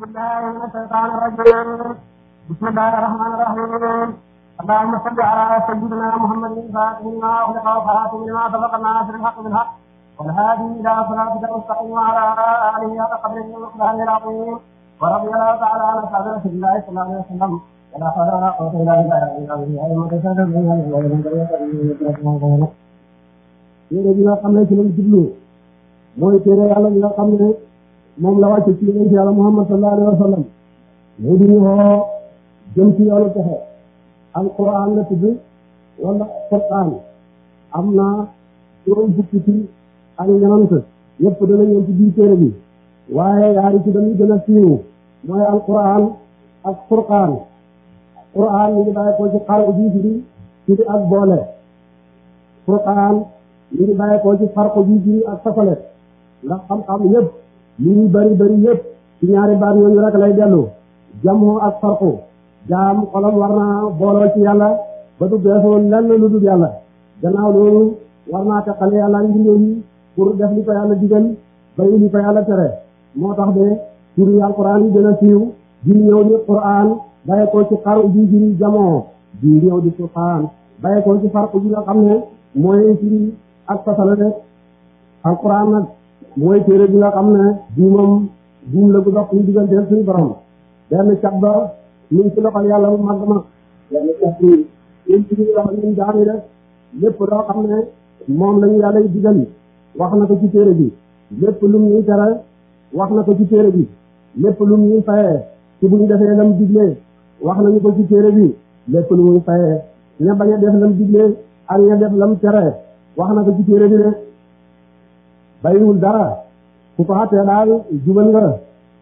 أعوذ بالله من الشيطان الرجيم بسم الله الرحمن الرحيم اللهم صل على سيدنا محمد الفاتح لما أغلق وخاتم لما سبق الناصر الحق بالحق والهادي إلى صراطك المستقيم وعلى آله حق قدره ومقداره العظيم ورضي الله تعالى عن أصحاب رسول الله صلى الله عليه وسلم ولا حول ولا قوة إلا بالله العلي العظيم moom la wàcce ci yonent yàlla Muhammad sallallahu mu di ñu woo jëm ci yoonu texe alquran la tudd wala quran am na juróom fukki ci ak ñanant yëpp dana ñëw ci biir téere bi waaye yaari ci dañuy gën a siiw mooy alquran ak furqaan quran ñu ngi bàyyi ko ci xaru ji firi firi ak boole furqaan ñu ngi bàyyi ko ci farqu ji firi ak safale ndax xam-xam li ñu bari bari yépp ci ñaari baat ñooñu rek lay dellu jamu ak farqu jaam xolam war naa booloo ba du beesoon lu dul yàlla gannaaw loolu war naa teqale yàlla ak mbindeef pour def li ko yàlla digal bayi li moo tax de turi alquran yi gën a siiw di di quran baye ko ci xar ji jiri jamoo di ñëw di furqaan baye ko ci farqu ji nga xam ne ak fasala rek alquran mooy téere bi nga xam ne diimam diim la bu dox suñu digganteel suñu borom benn cat ba ñu ngi ci loxol yàlla bu mag ma benn cat bi ñun ci biir daani def lépp loo xam ne moom la ñu yàlla digal wax na ko ci téere bi lépp lum ñuy tere wax na ko ci téere bi lépp lum ñuy fayee ci bu ñu defee wax nañu ko bi lépp lu muy fayee ña bañ a def lam diglee ak ña def lam tere wax na ko ci téere bi de bàyyiwul dara ku ko xatee daal jubal nga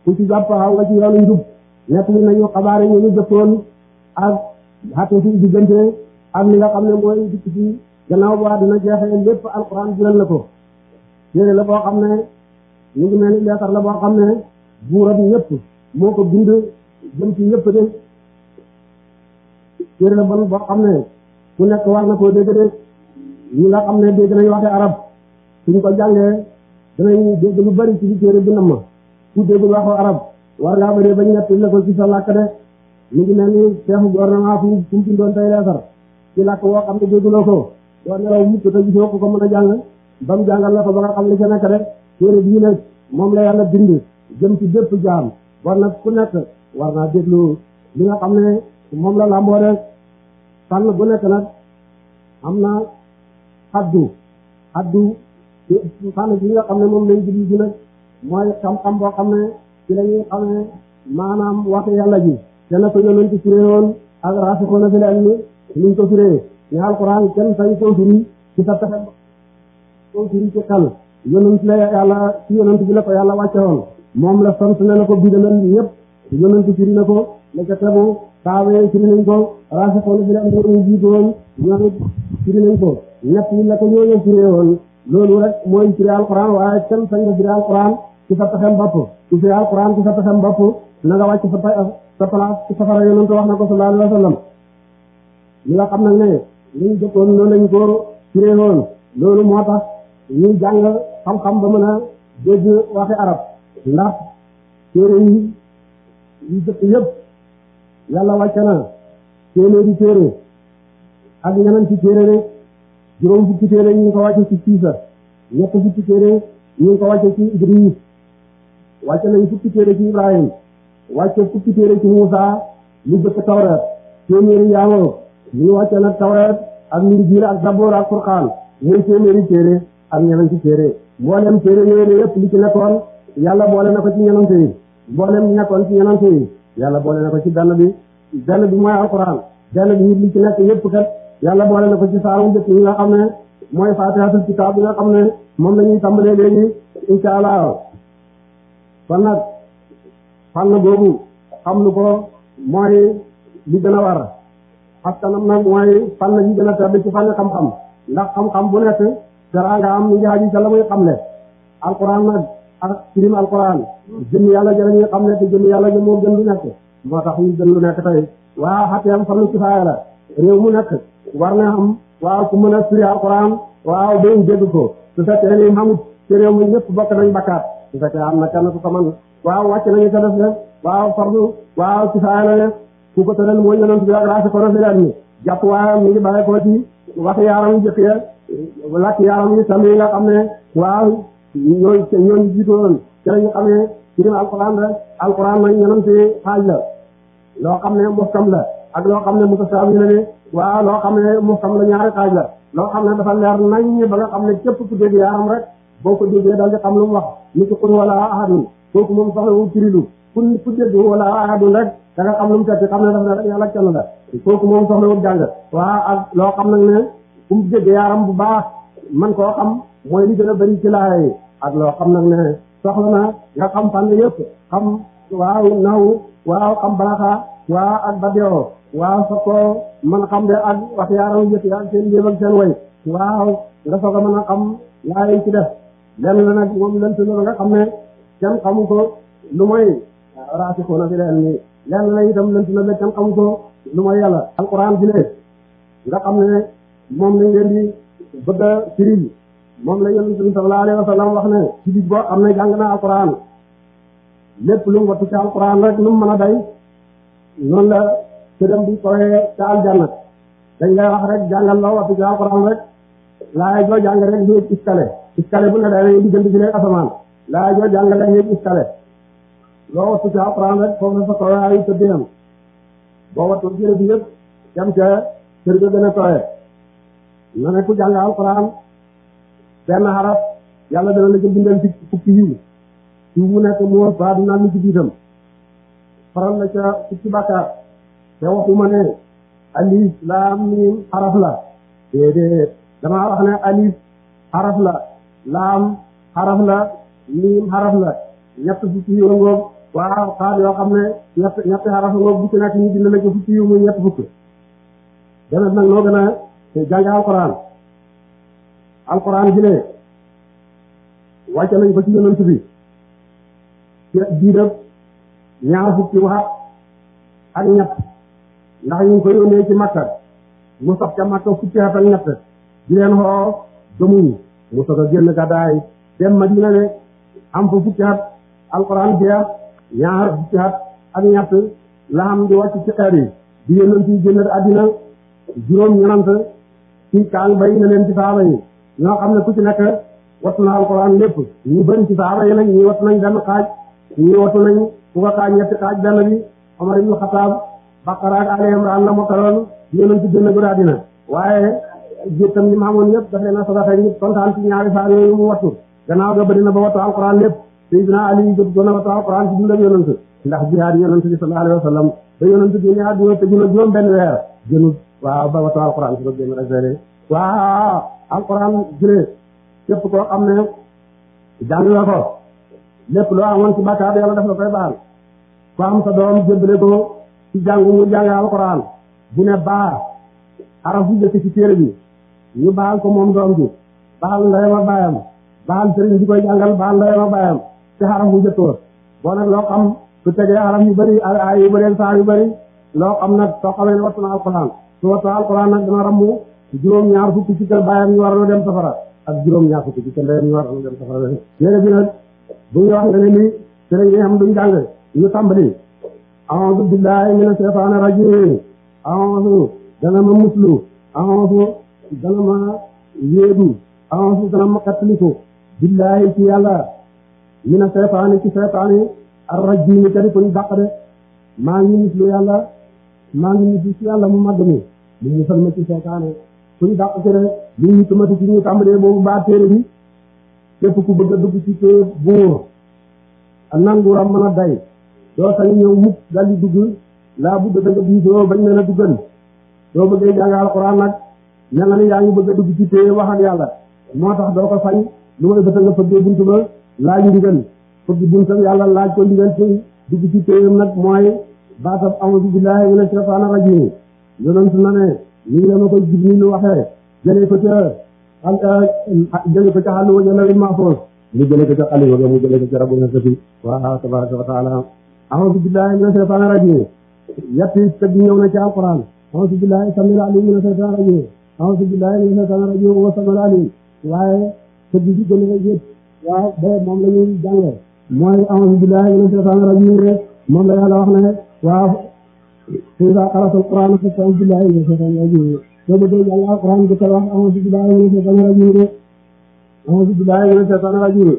ku ci jàpp xaw nga ci yoonu njub nekk li nañu xabaar yi ñu jëppoon ak xatee ci diggante ak li nga xam ne mooy dikk ci gannaaw bu wax ko la boo xam ne ñu ngi mel ni leetar la boo xam ne buuram ñëpp moo ko bind jëm ci ñëpp de téere la bon boo xam ne ku nekk war na koo dégg de ñi nga xam ne dégg nañu waxee arab suñ ko jàngee danañ dégg lu bari ci téere bi nam ma ku déggul waxu arab war ngaa bëree ba ñett la ko ci sa làkk de mu ngi mel ni chefu gouvernement fu mu fu mu bindoon tey leesar ci làkk woo xam ne dégguloo ko doo nelaw ba mu nekk de téere moom la yàlla bind jëm ci bépp jaam bon nag ku nekk war naa déglu li nga xam ne moom la làmboo de fànn bu nekk nag am na xaddu xaddu fànn ci nga ne moom lañ jublu ci nag mooy xam-xam boo xam ne ci la ñuy xamee maanaam waxu yàlla ji te na ko yonent firee woon ak raasixuuna fil ilmi nuñ ko firee ne alquran kenn sañ koo firi ci sa pexe koo firi ci xel yonent la yàlla ci yonent bi la ko yàlla wàcce woon moom la sant ne na ko bidalal ñëpp yonent firi na ko la ca tegu saawee firi nañ ko raasixuuna fil ilmi ñu jiitu woon ñoom it firi nañ ko ñett yi la ko ñooñu firee woon loolu rek mooy firi alquran waaye kenn sañ nga firi alquran ci sa pexem bopp ci firi alquran ci sa pexem bopp na nga wàcc sa sa place ci safara yonent wax na ko sallallahu alayhi wa sallam ñi nga xam nag ne li ñu jëkkoon ko firee woon loolu moo tax jàng xam-xam ba mën a dégg waxi arab ndax téere yi yu jëkk yëpp yàlla wàcce na téeméeri téere ak ñeneen ci rek juróom fukki téere ñu ngi ko wàcce ci Siisa ñett fukki téere ñu ko wàcce ci Idris wàcce nañ fukki téere ci Ibrahim wàcce fukki téere ci Muusa lu jëkk Tawreet téeméeri yaamoo ñu wàcce nag Tawreet ak Linjiil ak Zabuur ak Furqaan muy téeméeri téere ak ñeenti téere mboolem téere yooyu yëpp li ci nekkoon yàlla boole na ko ci ñenante yi mboolem nekkoon ci ñenante yi yàlla boole na ko ci benn bi benn bi mooy alquran benn bi li ci nekk yàlla boole na ko ci saaru njëkk yi nga xam ne mooy faatihatul kitaab bi nga xam ne moom la ñuy tàmbalee léegi incha allah kon nag fànn boobu xam lu ko mooy li gën a war askanam nag mooy fànn yi gën a tedd ci fànn xam-xam ndax xam-xam bu nekk dara nga am ñu ngi aju ca la muy xam ne alquran nag ak firim alquran jëm yàlla jëlañuy xam ne te jëm yàlla jëm moo lu nekk moo tax ñu gën lu nekk tey waa xateem la réew mu nekk war na am waaw ku mën a firi alxuraan waaw ba mu dégg ko su fekkee ni xamut ci réew mi ñëpp bokk nañ bakkaat su fekkee am na kenn ku ko mën waaw wàcc nañu ko def de waaw fardu waaw kifaaya la ku ko tëral mooy yonent bi ak raasi ko rafet mi jàpp waaye mi ngi bàyyi ko ci wax yaaram jëkk ya lakk yaaram yi tam yi nga xam ne waaw ñooñu ñooñu jiitu woon ci la ñu xamee ci biir alxuraan la alxuraan la yonent xaaj la loo xam ne muhkam la ak loo xam ne mutasaabih la ne waaw loo xam ne mu xam la ñaari xaaj la loo xam ne dafa leer nañ ba nga xam ne képp ku dégg yaaram rek boo ko déggee daal di xam lu mu wax ni ci xul wala ahadun kooku moom soxla wu firilu ku ku dégg wala ahadun rek da nga xam lu mu tekki xam ne dafa ne waaw ak loo xam nag ne ku mu dégg yaaram bu baax man koo xam mooy li gën a bëri ci laaya ak loo xam nag ne soxla na nga xam fànn yëpp xam waaw naw waaw xam balaxa waaw ak badeo waa fa ko mën a xam de ak wax yaaram jëf yaa seen jéem ak seen way waaw nga soog a mën a xam laa yi ci def lenn la nag moom lënt la nga xam ne kenn xamu ko lu mooy raasixuuna fi leen ni lenn la itam lënt la ko lu mooy yàlla alquran bi ne nga xam ne moom lañ leen di bëgg a moom la yonent bi sallallahu alayhi wax ne ci biir boo xam ne jàng naa alquran lépp lu mu wattu ci alquran rek lu mën a day noonu la këram bu kawee ca aljanna dañ lay wax rek jàngal la waxtu ci alxuraan rek laay joo jàng iskale iskale bu ne day diggante ci leen asamaan iskale loo waxtu ci alxuraan rek foofu sa kawee ay tëddinam boo wattu jële bi yëpp jam ca kër ga gën a kawee ku jàng alxuraan benn xaraf yàlla dana la ci bindal ci fukki yiw yiw bu nekk mu war baa du naan lu ci biitam te waxuma ne alif laam miim xaraf la déedéet damaa wax ne alif xaraf la laam xaraf la miim xaraf la ñett fukki yu ngoog waaw xaar yoo xam ne ñett ñetti xaraf ngoog bu ci nekk ñu bind la ko fukki yu muy ñett fukki demet nag noo gën a jànge alquran alquran ji ne wàcce nañ ko ci yonent bi diidab ñaar fukki waxat ak ñett ndax ñu ngi ko yónnee ci Makka mu sax ca Makka fukki at ak ñett di leen xoo gëmuñu mu soog a génn gàddaay dem Madina ne am fa fukki at alxuraan jeex ñaar fukki at ak ñett la am di wàcc ci kaan bay na leen ci saaba yi ñoo xam ne ku nekk wattu na alxuraan lépp ñu bëri ci saaba yi nag ñii wattu nañ benn xaaj ñii wattu nañ ku ko xaaj ñetti xaaj benn bi Omar ibn Xataab Baqara ak Ali Imran la mokkaloon yonent bi génn guddaa dina waaye jiitam li mu xamoon yëpp daf leen a soxla tey ñu kontaan ci ñaari saar yooyu mu wattu gannaaw ga bëri na ba wattu alquran lépp Sayyidina Ali jot doon na wattu alquran ci dundam yonent ndax jihaad yonent bi sallallahu alayhi wa sallam ba yonent bi génne àdduna te gën a juróom benn si ba génn rek waaw alquran jëlee koo xam ne jàng nga ko lépp loo amoon ci bàkkaar yàlla daf la koy baal ko am sa doom jébbale ci jàngu mu jàng alxuraan bu ne baar araf bu jëkk ci bi yu baal ko moom doom bi baal ndeyam a baayam baal sëriñ bi koy jàngal baal ndeyam a baayam ci araf bu jëkk boo nag loo xam su tegee araf yu bari ay yu bëri saar yu bëri loo xam na soo xamee ne wattu na alxuraan su wattu alxuraan nag dana rambu juróom-ñaar fukki ci kër baayam ñu war a dem safara ak juróom-ñaar fukki ci kër ndeyam ñu war a dem safara yére bi nag bu ñu wax nga ne nii sëriñ yi xam duñ jàng ñu a'uuzu billaahi mina a rajiim a'uuzu dana ma muslu a'uuzu dana ma yéedu a'uuzu dana ma xettaliku billaahi ci yàlla mina shaytaani ci shaytaani ar-rajiim kadi kuñ dàq de maa ngi muslu yàlla maa ngi muslu ci yàlla mu magg mi mu musal ma ci shaytaani kuñ dàq ci de ñu tumati ci ñu tàmbalee boobu baa téere bi ku bëgg a dugg ci téere buur nanguram mën a day doo sañ ñëw mukk dal di dugg laa bëgg da nga diisoo bañ leen a duggal doo bëggee jàng alxuraan nag mel na ni yaa ngi bëgg a dugg ci téye wax ak yàlla moo tax doo ko sañ lu may bët nga fëggee buntu ba laaj ndigal fëgg buntam yàlla laaj ko ndigal ci dugg ci téyam nag mooy baatab a'uuzu billaahi mina shaytaani rajiim yonent na ko ca jëlee ko ca xàll wa jëlawin maafoos ñu jëlee ko ca xàll wa mu jëlee ko ca rabbu nasati wa tabaraka wa a'uuzu billaahi mina shaytaani rajiim yetti tëgg ñëw na ci alquran a'uuzu billaahi samil aliim mina shaytaani rajiim a'uuzu billaahi mina shaytaani rajiim wa samil aliim waaye tëgg bi gën a yëg waaw ba moom la ñuy jàngee mooy a'uuzu billaahi mina shaytaani rajiim rek moom la yàlla wax ne waaw izaa qara'ta alquran fasta'id billaahi mina shaytaani rajiim soo bëggee jàng alquran di ko wax a'uuzu billaahi mina shaytaani rajiim rek a'uuzu billaahi mina shaytaani rajiim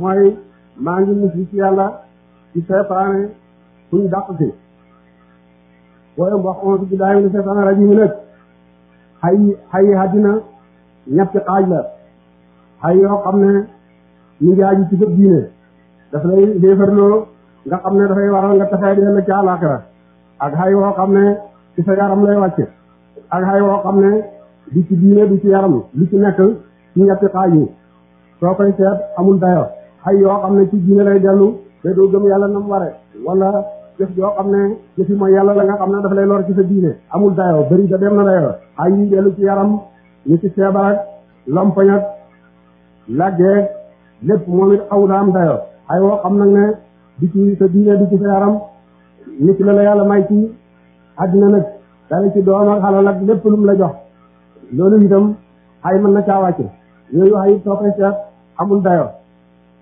mooy maa ngi mucc ci yàlla ci seytaane suñ dàq si wala wax onse billahi mina seytaane rajim nag xay xay àddina ñetti xaaj la xay yoo xam ne ci sa daf lay xéefarloo nga xam ne dafay waral nga taxee dell ci ne ci sa lay wàcc ak xay woo xam ne du ci diine du ci yaram lu ci nekk ci ñetti xaaj yi soo koy seet amul dayo xay yoo xam ne ci diine lay dellu te doo gëm yàlla nam ware wala jëf joo xam ne jëfi mooy yàlla la nga xam ne daf lay lor ci sa diine amul dayoo bëri da dem na dayoo ay yi dellu ci yaram ñu ci feebar ak lompoñ lépp moom it aw da am dayoo la la yàlla may ci àddina nag dala ci doom ak ak lépp lu la jox loolu itam ay mën na caawàcce yooyu ay soo koy seet amul dayoo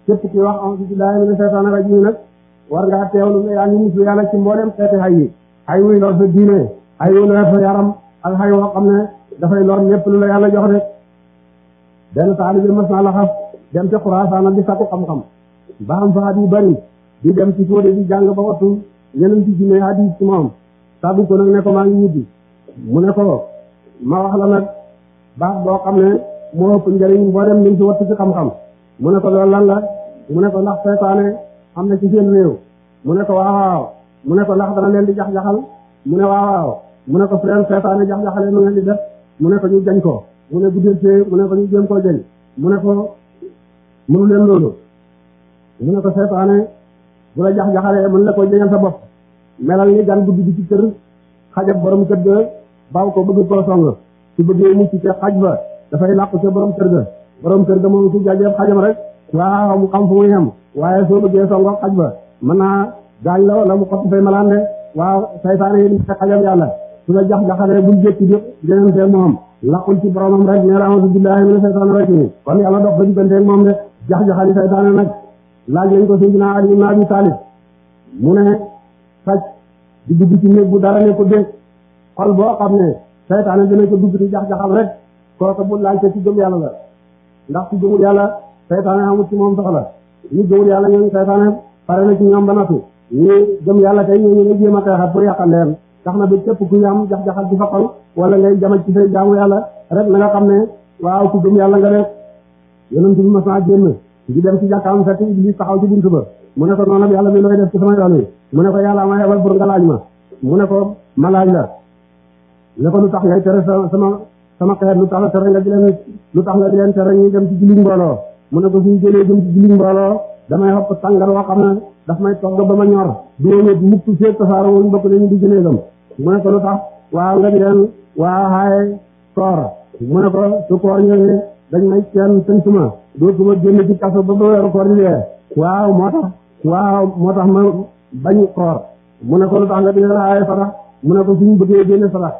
képp ki wax a'uuzu billaahi mina shaytaani rajiim nag war ngaa teewlu ne yaa ngi musu yàlla ci mboolem xeeti xay yi xay wuy lor sa diine xay wuy lor sa yaram ak xay woo xam ne dafay lor ñëpp lu la yàlla jox de benn taalibe mas naa laxas dem ca Xuraasaan di sakku xam-xam ba am fa at yu bari di dem ci fóode di jàng ba wattu ñeneen ci jinne hadiis ci moom sàggu ko nag ne ko maa ngi ñibbi mu ne ko ma wax la nag baax boo xam ne moo ëpp njëriñ boo dem lim mu ne ko loolu lan la mu ne ko ndax seytaane xam na ci seen réew mu ne ko waaw mu ne ko ndax dana leen di jax-jaxal mu ne waaw mu ne ko frère seytaane jax-jaxale mu leen di mu ne ko ñu jañ ko mu ne guddéetee mu ne ko ñu jéem koo jañ mu ne ko mënu leen loolu mu ne ko seytaane bu la jax-jaxalee mën la koy jañal sa bopp melal ni gan guddi bi ci kër xajab borom kër ga baaw ko bëgg koo song su bëggee mucc ca xaj ba dafay làqu ca borom kër ga borom kër da moom ci jaajëf xajam rek waaw mu xam fu muy yem waaye soo bëggee songo xaj ba mën naa gaañ la wala mu xottu fay malaan de waaw saytaane yi nekk xajam yàlla su la jax jaxalee bul jékki di jeneen fee moom laqul ci boromam rek nee a'uuzu billaahi mina saytaani rajiim kon yàlla dox ba digganteeg moom de ko Seydina Ali ibn Abi mu ne sàcc di dugg ci bu dara ne ko dégg xol boo xam ne saytaane dina ko dugg di jax jaxal rek kooku bu laaj ci gëm yàlla la ndax ci gëmul yàlla saytaane amul ci moom soxla ñu gëmul yàlla ñooñu saytaane pare na ci ñoom ba nattu ñu gëm yàlla tey ñooñu nga jéem a xeexal pour yàqal leen tax na ba képp ku am jax-jaxal di fa xol wala ngay jamal ci say jaamu yàlla rek na nga ne waaw ku gëm yàlla nga def yonent bi mas naa génn di dem ci jàkkaam fekk Iblis taxaw ci buntu ko laaj ma mu ne ko ma laaj la ne ko lu tax ngay tere sama sama xeet lu tax a tere nga di leen lu tax nga di leen tere ñu dem ci julli mbooloo mu ne ko suñu jëlee jëm ci julli mbooloo damay xopp sàngar woo xam ne daf may togg ba ma ñor duwónet mukk féeg tasaaro woon bokk nañu di jëlee gam mu ko lu ko su koor ñëwee dañ may seen sëñ suma dootuma kaso ba ba weeru koor di dee waaw moo tax waaw ma bañ koor mu ne ko lu tax nga di leen xaaye fatax mu ne ko suñu bëggee génne fatax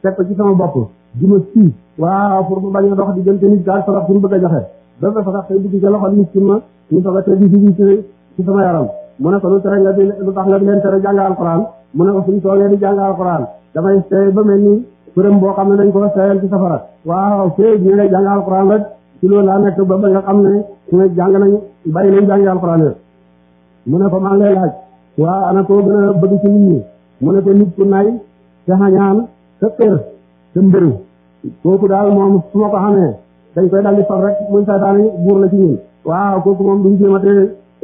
teg ko ci sama bopp di ma sii waaw pour mu bañ a dox diggante nit daal sarax suñu bëgg a joxe ba ba sarax tey dugg ca loxo nit ci ma ñu soog a teg di ci ci sama yaram mu ne ko lu tere nga di lu tax nga di leen tere jàng alxuraan mu ne ko suñu toogee di jàng alxuraan damay seey ba mel ni përëm boo xam ne dañ ko seeyal ci safara waaw fee ñu ngay jàng alxuraan rek ci loolu laa nekk ba ba nga xam ne su ne jàng nañ bari nañ jàngi alxuraan rek mu a ko maa ngi lay laaj waaw ana koo gën a bëgg ci nit ñi mu ne sa kër sa mbiru kooku daal moom su ma ko xamee dañ koy daldi fab rek muy saytaane buur la ci ñun waaw kooku moom duñ jéem a te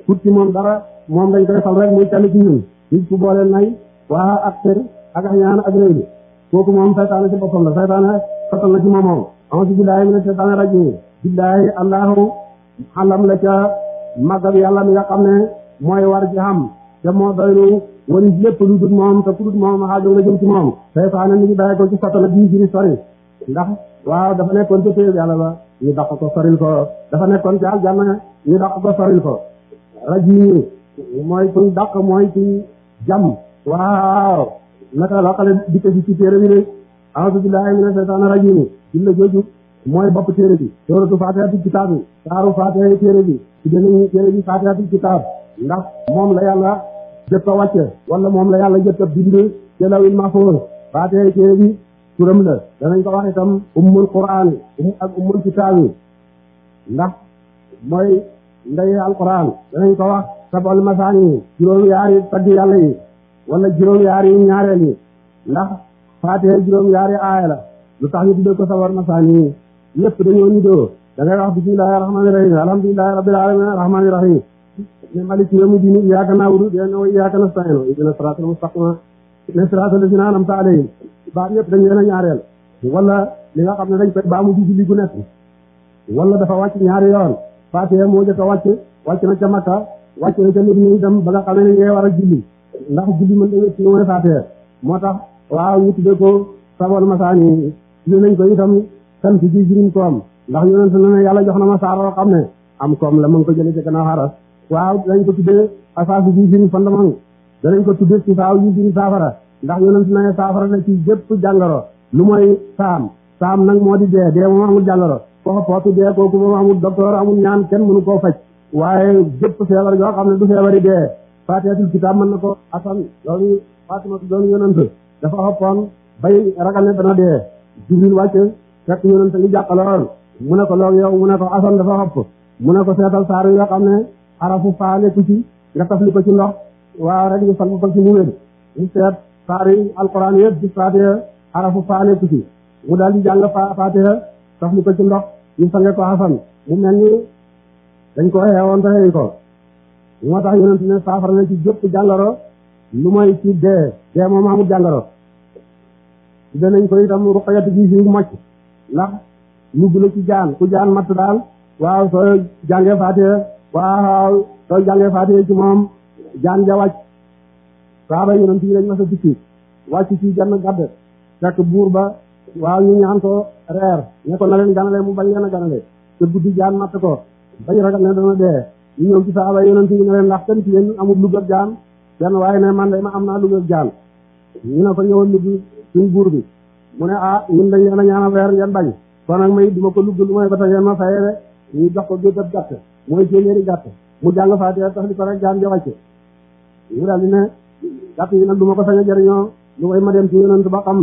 pour ci moom dara moom dañ koy fab rek muy tali ci ñun nit ku boole nay waa ak kër ak añaan ak réew bi kooku moom saytaane ci boppam la saytaane fatal na ci moomoom am si billaahi a ne saytaane rajim allahu xalam la ca màggab yàlla mi nga xam ne mooy war ci xam te moo doylu wari lépp lu dul moom te ku dul moom xaajo nga jëm ci moom saytaane ni ngi bàyyi ko ci satana bi ñu jiri sori ndax waaw dafa nekkoon ca téeb yàlla ba ñu daq ko soril ko dafa nekkoon ca aljanna ñu daq ko soril ko rajim mooy kuñ daq mooy ci jam waaw naka la xale dikka ci ci téere bi de a'uuzu billaahi mina saytaani rajim illa jooju mooy bopp téere bi sóoratu faatihatul kitaab bi saaru faatiha téere bi ci danañu téere bi faatihatul kitaab ndax moom la yàlla jëkk a wàcce wala moom la yàlla jëkk a bind ci lawil mahfuus faatee téere bi turam la danañ ko wax itam ummul quraan um, ak ummul kitaabi ndax mooy ndey alquran danañ ko wax sabal masaani juróom yaari tagg yàlla yi juróom yaari ñaareel yi ndax faatee juróom yaari aaya la lu tax ñu tuddee ko sabal masaani yépp dañoo nidoo da ngay wax bismillahi rahmaani rahim alhamdulillahi rabbil alamin arrahmaani ne malik yawmi diini iyyaaka na'budu wa iyyaaka nasta'iin ihdina siraatal mustaqiim ihdina siraatal laziina an'amta alayhim dañ leen a ñaareel wala li nga ne dañ koy baamu ci julli gu nekk moo jëkk a wàcc na ca Makka wàcc na ca Madina itam ba nga xam ne ngay war a julli ndax julli mën da wétti mooy Faatiha moo tax waaw ñu tudde ko sabol masaani tudde nañ ko itam sant ji juróom koom ndax yonent na ne yàlla jox na ma saar xam ne am koom la mu ngi ko jëlee ca gannaaw xaras waaw danañ ko tuddee asaasu bi firi fondement danañ ko tuddee ci saaw yi firi saafara ndax yonent na saafara la ci jëpp jàngoro lu mooy saam saam nag moo di dee dee moom amul jàngoro koo pootu dee kooku moom amul docteur amul ñaan kenn mënu koo faj waaye jëpp feebar yoo xam ne du feebari dee faateetul kitaab mën na ko asan loolu Fatima doon yonent dafa xoppoon bay ragal ne dana dee Jibril wàcc fekk yonent ngi jàqaloon mu ne ko loog yow mu ne ko asan dafa xopp mu ko seetal xarafu faa nekku ci nga tafli ko ci ndox waa rek ñu fal ko ci mu wér ñu seet saar yi alquran yëpp ci xarafu faa nekku ci mu daal di jàng fa ko ci ndox ñu sange ko xasan mu mel ni dañ koo xeewoon te xeewi ko moo tax yonent ne saafara ci jëpp jàngoro lu mooy ci dee dee moom amul jàngoro danañ ko itam ruqayatu ci fi mocc ndax lu gën a ci jaan ku jaan matt daal waaw soo jàngee fatiha waaw soo jàngee faatee ci moom jaan ja wàcc saaba yonent yi dañ mas a dikki wàcc ci genn gàdd fekk buur ba waaw ñu ñaan ko reer ne ko na leen ganale mu bañ leen a ganale te guddi jaan mat ko bañ ragal ne dana dee ñu ñëw ci saaba yonent yi ne leen ndax kenn ci yéen amul lugab jaan benn waaye ne man leen ma am naa lugab jaan ñu ne ko ñëwal lugg suñ buur bi mu ne ah ñun dañ leen a ñaan a reer ngeen bañ kon nag ko lugg lu may ko tax ma fayee de ñu jox ko guddi gàtt mooy téeméeri gàtt mu jàng faatiha tax di ko rek jaam ja wàcce ñu daal di ne gàtt yi nag du ma ko sañ a jëriñoo lu koy ma dem ci yonent ba xam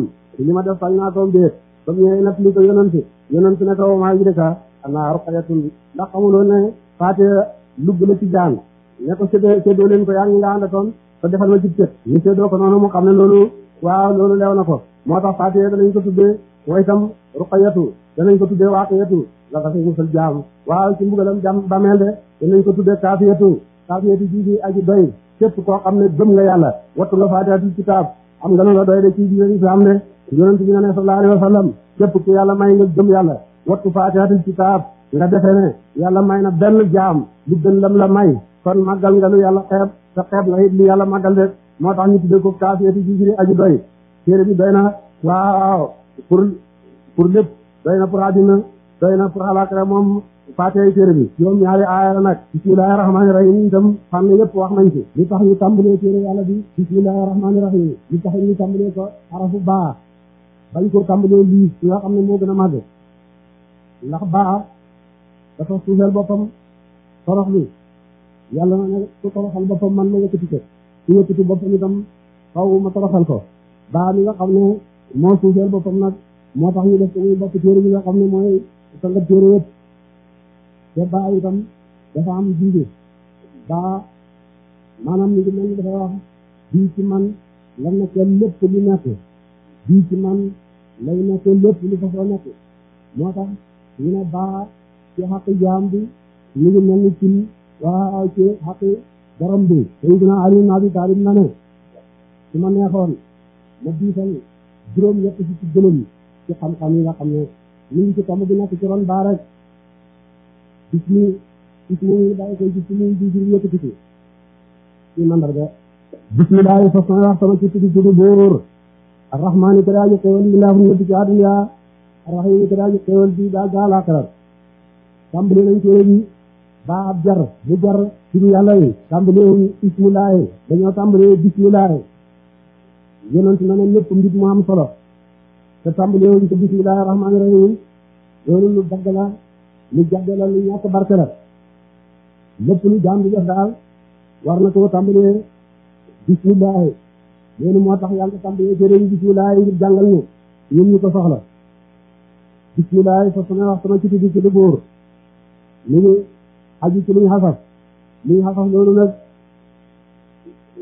li ma def sañ naa toom déet na ñëwee nag li ko yonent yonent ne ko maa ngi dëkka anaa ruqayatun ndax xamuloo ne faatiha lugg la ci jaan ne ko séddoo séddoo leen ko yaa ngi nga ànd toon te defal ma cib cët ñu séddoo ko noonu mu xam ne loolu waaw loolu leew na ko moo tax faatiha danañ ko tuddee mooy itam ruqayatu danañ ko tuddee waaqiyatu la ko musal jaam waaw ci mbugalam jaam bàmmeel de danañ ko koo xam ne gëm nga yàlla wattu nga faatihatul kitaab am nga lu la doy de ci biir islam de yonent bi nga ne sallallahu alayhi wa sallam képp ku yàlla may nga gëm na benn jaam lu gën lam la may kon màggal nga lu yàlla xeeb te xeeb nga it lu yàlla màggal de moo tax ñu tuddee ko kaafiyatu ji di aji doy téere bi doy na waaw pour pour lépp doy na pour àddina doy na pour alaakira moom faatee téere bi juróom ñaari aaya la nag bismillahi rahmaani rahim itam fànn yëpp wax nañ ci li tax ñu tàmbalee téere yàlla bi bismillahi rahmaani rahim li tax ñu tàmbalee ko arafu baa bañ ko tàmbalee lii nga xam ne moo gën a màgg ndax baa dafa suufeel boppam torox bi yàlla na ne ku toroxal boppam man ma yëkkati ko ku yëkkati boppam itam faw ma toroxal ko baa mi nga xam ne moo suufeel boppam nag moo tax ñu def ko muy bopp téere sanga téere yëpp te baa itam dafa am baa maanaam ni ngi mel ni dafay bii ci la nekk lépp lu nekk bii ci man lay lépp lu fasoo nekk moo tax ñu ne baa ci xaq jaam bi ñu ngi mel ni cin waa ci xaq borom ne su ma neexoon ma diital juróom-ñett ci ci gëlëm ci xam-xam yi nga xam ñu ngi ci tomb bi nekk ci ron baa rek gis ni gis ni bàyyi koy gis ni di jur yëkkati ci ci mandarga bismillah fas naa wax sama ci tudd tudd buur arrahmaani kadaa ji xéewal bi laa fu nekk ci àdduna arrahim kadaa ji xéewal bi daa gaalaaxira tàmbali nañ téere bi baa ab jar bu jar suñu yàlla yi tàmbalee ismilaahi dañoo tàmbalee bismilaahi yonent ne ñëpp mu am solo te tàmbalee wuñ ko bismillahi rahmaani rahim loolu lu dagg la lu jagg la lu ñàkk barke la lépp lu jaam di def war na koo tàmbalee bismillahi loolu moo tax yàlla tàmbalee ci réew bismillahi ngir jàngal ñu ñun ñu ko soxla bismillahi sa sama wax sama ci tuddi ci lu góor lu ñu ci lu ñu xasaf lu ñu xasaf loolu nag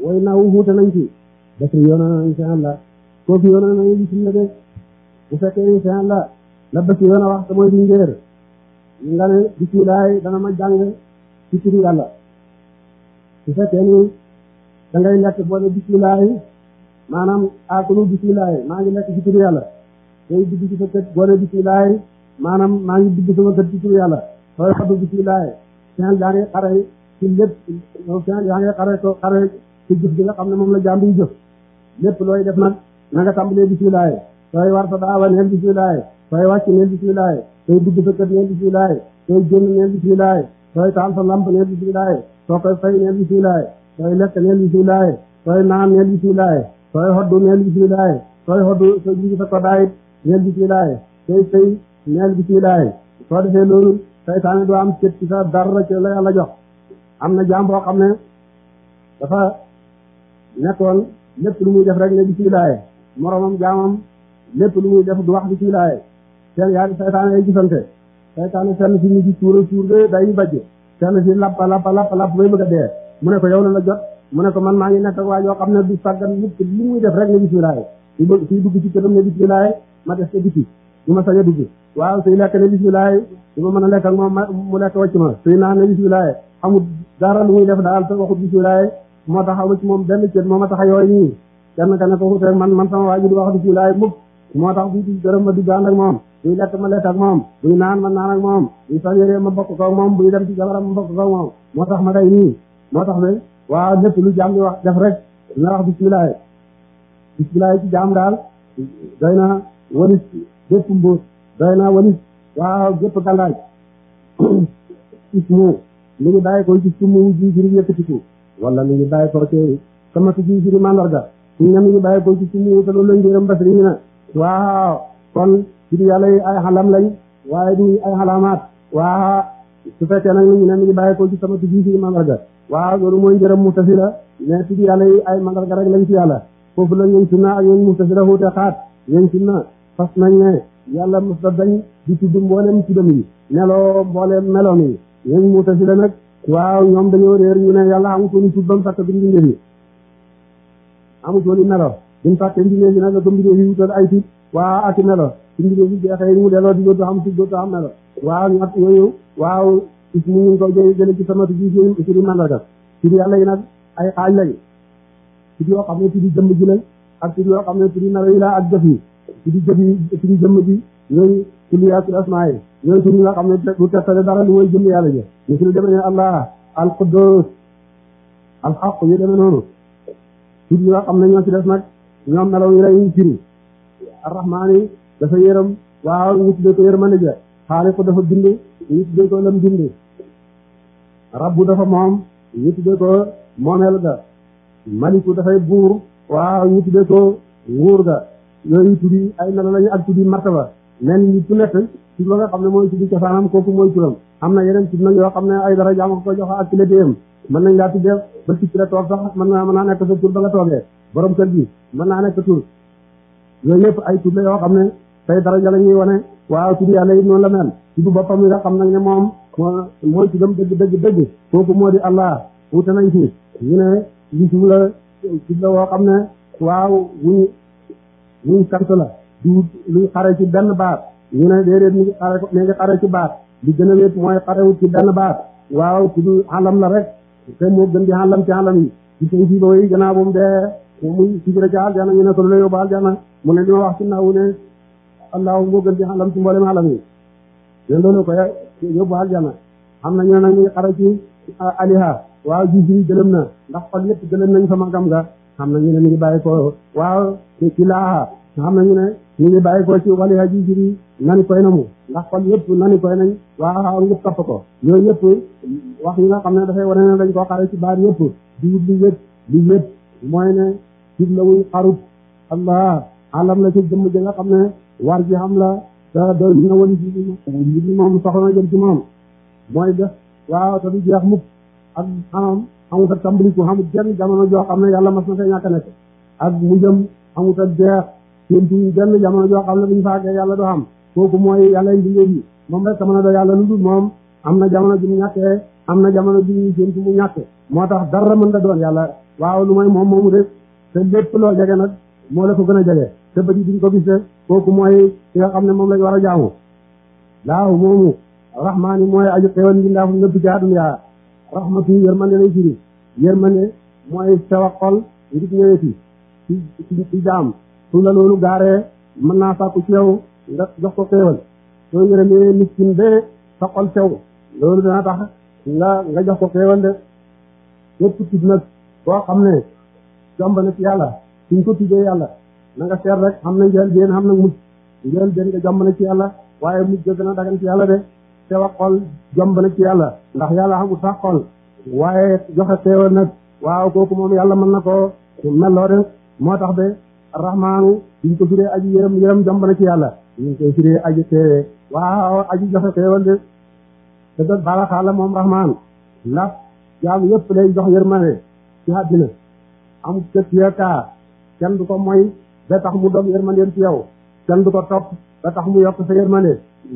way naaw wuute nañ ci def ci àlla kooku yoona nañ bismillah bu fekkee ni la la bés yoon a wax te mooy di njéer nga ne bismilaay dana ma jàng ci turu yàlla bu fekkee ni da ngay lekk boole bismilaay maanaam aakulu bismilaay maa ngi lekk ci turu yàlla day dugg ci sa kët boole bismilaay maanaam maa ngi dugg sama kët ci turu yàlla sooy xaddu bismilaay seen yaa ngi xare ci lépp gi nga xam ne moom la jaam bi jëf lépp looy def na nga tàmbalee bismilaay sooy war sa daawa neel bismillaay sooy wàcc neel bismillaay sooy dugg sa kër neel bismillaay sooy génn neel bismillaay sooy taal sa neel bismillaay soo koy fay neel bismillaay sooy lekk neel bismillaay sooy naan neel bismillaay sooy hoddu neel bismillaay sooy hoddu sooy jigi sa kodaay neel bismillaay sooy sëy neel bismillaay soo defee loolu saytaane doo am cët ci sa dara ci la yàlla jox am na jaam boo xam ne dafa nekkoon lépp lu muy def rek ne bismillaay moromam jaamam lépp lu muy def du wax di ci laaye seen yaari saytaane ay gisante saytaane seen si ñu di tuura tuur de day bajj seen si lappa lappa lappa lapp bay bëgg a dee mu ne ko yow la la jot mu ne ko man maa ngi nekk ak waa yoo xam ne du sàggan nit ki li muy def rek ne bismilaaye ma def ca biti du ma waaw suy lekk ne bismilaaye du ma mën a lekk ak moom mu lekk wàcc ma suy naan ne bismilaaye amul dara lu muy def daal te waxut moo tax amu ci moom benn cët moo ma tax a yooyu ñii kenn ka ne ko xuteeg man man sama waa ji du wax bismilaaye mukk moo tax buy gis gërëm ma di ànd ak moom buy lekk ma lekk moom buy naan ma naan moom buy sol yére ma bokk koog moom moo tax ma day nii moo tax ne waaw lépp lu jaam di wax def rek wax bisimilah bisimilah ci jaam daal doy na walis bépp doy na walis waaw bépp gàndaay ismu lu ñu bàyyi ko ci sumu ji firi yëkkatiku wala lu ñu bàyyi ko ci sama ji firi mandarga ñu ne ñu bàyyi ko ci sumu te loolu lañ gërëm basri ñu na waaw kon di yàlla yi ay xalam lañ waaye di ay xalamaat waaw su fekkee nag ñu ne ñu bàyyi ci sama tudd yi mandarga waaw loolu mooy njëram mutasila mais tudd yàlla yi ay mandarga rek lañ ci yàlla foofu la ñun sunna ak ñun mutasila wuute xaat ñun sunna fas nañ ne yàlla mos da dañ di tudd mboolem tuddam yi meloo mboolem meloom yi ñun mutasila nag waaw ñoom dañoo réer ñu ne yàlla amutoon i tudd ba mu sàkk bi ñu njëriñ amutoon i melo duñ fàtte mbindéef yi nag ba mbindéef yi wutal ay tiit waaw ak melo su mbindéef yi jeexee mu delloo di dootu xam si dootu xam melo waaw ñett yooyu waaw ismu ñu ngi ko jëlee jëlee ci samatu ji ci ci di mandarga ci di yàlla yi nag ay xaaj lañ ci di yoo xam ne ci di jëmm ji lañ ak ci di yoo xam ne ci di melo yi la ak jëf yi ci di jëf yi ci di jëmm ji yooyu kuliyaatul asmaa yi yooyu tur yi nga xam ne bu teftale dara lu mooy jëmm yàlla ji ñu ci lu demee ne allah al quddus al xaq yu demee noonu tur yi nga xam ne ñoo ci des nag ñoom nelaw yi lay firi arrahmaan yi dafa yërëm waaw ñu tuddee ko yërmande ga xaaliq ko dafa bind ñu tuddee ko lam bind rabbu dafa moom ñu tuddee ko moomeel ga maliku dafay buur waaw ñu tuddee ko nguur ga yooyu tuddi ay melo lañu ak tuddi martaba mel ni ku nekk ci la nga xam ne mooy tuddi cosaanam kooku mooy turam am na yeneen tudd nag yoo xam ne ay dara jaam ko jox ak ci la mën nañ laa tuddee ba ci la toog sax mën naa mën naa nekk sa tur ba nga toogee borom kër gi mën naa nekk tur yooyu yëpp ay tur la yoo xam ne tey dara la ñuy wane waaw tudd yàlla yi noonu la mel tudd boppam yi nga xam nag ne moom moo mooy tuddam dëgg dëgg dëgg kooku moo di allah wute nañ li tur la tur la woo xam waaw wuñ wuñ sant la du luñ ci benn baat ñu ne déedéet mi ngi xare mi ngi xare ci baat li gën a wéet mooy ci benn baat waaw tudd alam la rek te moo gën di alam ci alam yi ci suñ si booy gannaaw bu mu muy sibira ca aljana ñu ne ko lu la yóbbu aljana mu ne li ma wax ci naaw ne allahu moo gën ci alam ci mboolem alam yi ne loolu ko yóbbu aljana xam na ñu nag ñu xara ci ah, aliha waaw jijiri gëlëm na ndax xol yëpp gëlëm nañ sama gam ga xam na ñu ne mi ngi bàyyi ko waaw ci laaha xam na ñu ne mi ngi bàyyi ko ci waliha jijiri nani koy na mu ndax xol yëpp nani koy nañ waaw ngëp topp ko yooyu yëpp wax yi nga xam na dafay wane ne dañ koo xare ci baar yëpp di jublawuy xarut allah alam la ci jëmm ja nga xam ne war ji xam la te doy na wan ji moom soxla na jëm ci moom mooy def waaw te du jeex mukk ak xamam xamuta tambaliku xamut jenn jamono joo xam ne yàlla mas na fee ñàkk nekk ak mu jëm xamuta jeex séntu jenn jamono joo xam ne bu ñu faagee yàlla du xam kooku mooy yàlla mbindeef yi moom rek mën a doo yàlla lu dul moom am na jamono ju ñàkkee am na jamono ju mu séntu mu ñàkk moo tax dara mën da doon yàlla waaw lu may moom moomu rek te lépp loo jege nag moo la ko gën a jege te bët yi duñ ko gis de kooku mooy ki nga xam ne moom lañu war a jaamu laaw moomu rahmaani mooy aju xéwal mbindaa fu nëpp ca duniyaa rahmatu yërmande lay firi yërmande mooy sew a xol ngir ñëweti ci ci jaam su la loolu gaaree mën naa sàkku ci yow nga jox ko xéewal soo yërëmee miskin bee sa xol sew loolu dana tax nga nga jox ko xéewal de yëpp tudd nag boo xam ne jomb na ci yàlla suñ ko tuddee yàlla na nga seet rek xam na njëlbéen xam na mujj njëlbéen nga jomb na ci yàlla waaye mujj ga gën a dagan ci yàlla de teew ak xol jomb na ci yàlla ndax yàlla xamul sax xol waaye joxe teewal na waaw kooku moom yàlla mën na koo melloo de moo tax de rahmaanu suñ ko firee aji yërëm yërëm jomb na ci yàlla ñu koy firee aji teewee waaw aji joxe teewal de te de bala xaala moom rahmaan ndax jaam yëpp lay jox yërmande ma am kët yaakaar kenn du ko mooy ba tax mu doon yërmandeem ci yow kenn du ko topp ba tax mu yokk sa yërmande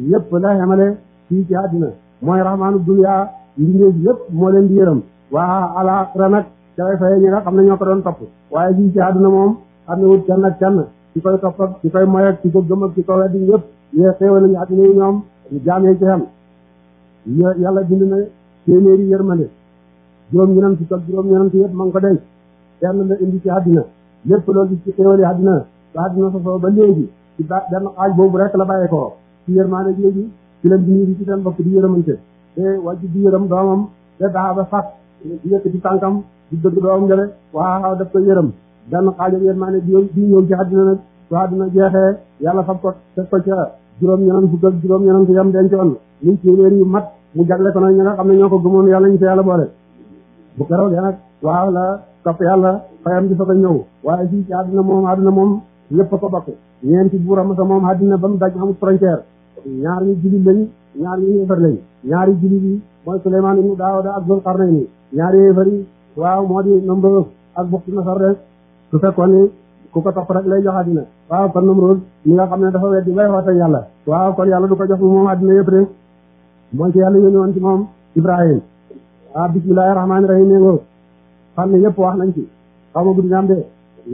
ñëpp la xemale fii ci àddina mooy rahmaanu dunya mbindeef yëpp moo leen di yërëm waa alaaxira nag cawee faye ñi nga xam ne ñoo ko doon topp waaye fii ci àddina moom xam ne wut kenn ak kenn ci koy topp ak ci koy moy ak ci ko gëm ak ci ko weddi yëpp yee xéewal nañu àddina yi ñoom jaamee ci xam yàlla bind na téeméeri yërmande juróom ñeneen fukk ak juróom ñeneen yëpp ma ngi ko denc yàlla la indi ci àddina lépp loo gis ci xéwal yi àddina ba àddina sosoo ba léegi ci ba benn xaaj boobu rek la bàyyeekoo ci yërmaande ci leen bi ñu ci seen bopp di yërëmante te wàcc di yërëm doomam te daa ba sax di yëkk ci tànkam di dëgg doomam jële waaw daf koy yërëm benn xaajam yërmaande di ñëw ci àddina nag su àddina jeexee yàlla fab ko teg ko ca juróom-ñeneen fukk ak juróom-ñeneen fukk yam dencoon liñ ci wéer yu mat mu jagle ko na ña xam ne ñoo ko gëmoon yàlla ñu fa yàlla boole bu keroog nag waaw topp yàlla fayam di fa ko ñëw waaye fii ci àdduna moom àdduna moom ñëpp a ko bokk ñeenti buura masa moom àdduna ba mu daj amul frontière ñaar ñu jullit lañ ñaar ñu yéefar lañ ñaari jullit yi mooy Suleymaan ibnu Daawuda ak Zulqarnayni ñaari yéefar yi waaw moo di Namruud ak Buxtinasar rek su fekkoon ni ku ko topp rek lay jox àddina waaw kon Namruud mi nga xam ne dafa weddi bay xootañ yàlla waaw kon yàlla du ko jox moom àddina yëpp rek mooy ci moom Ibrahim fànn yëpp wax nañ ci xaw ma gudd de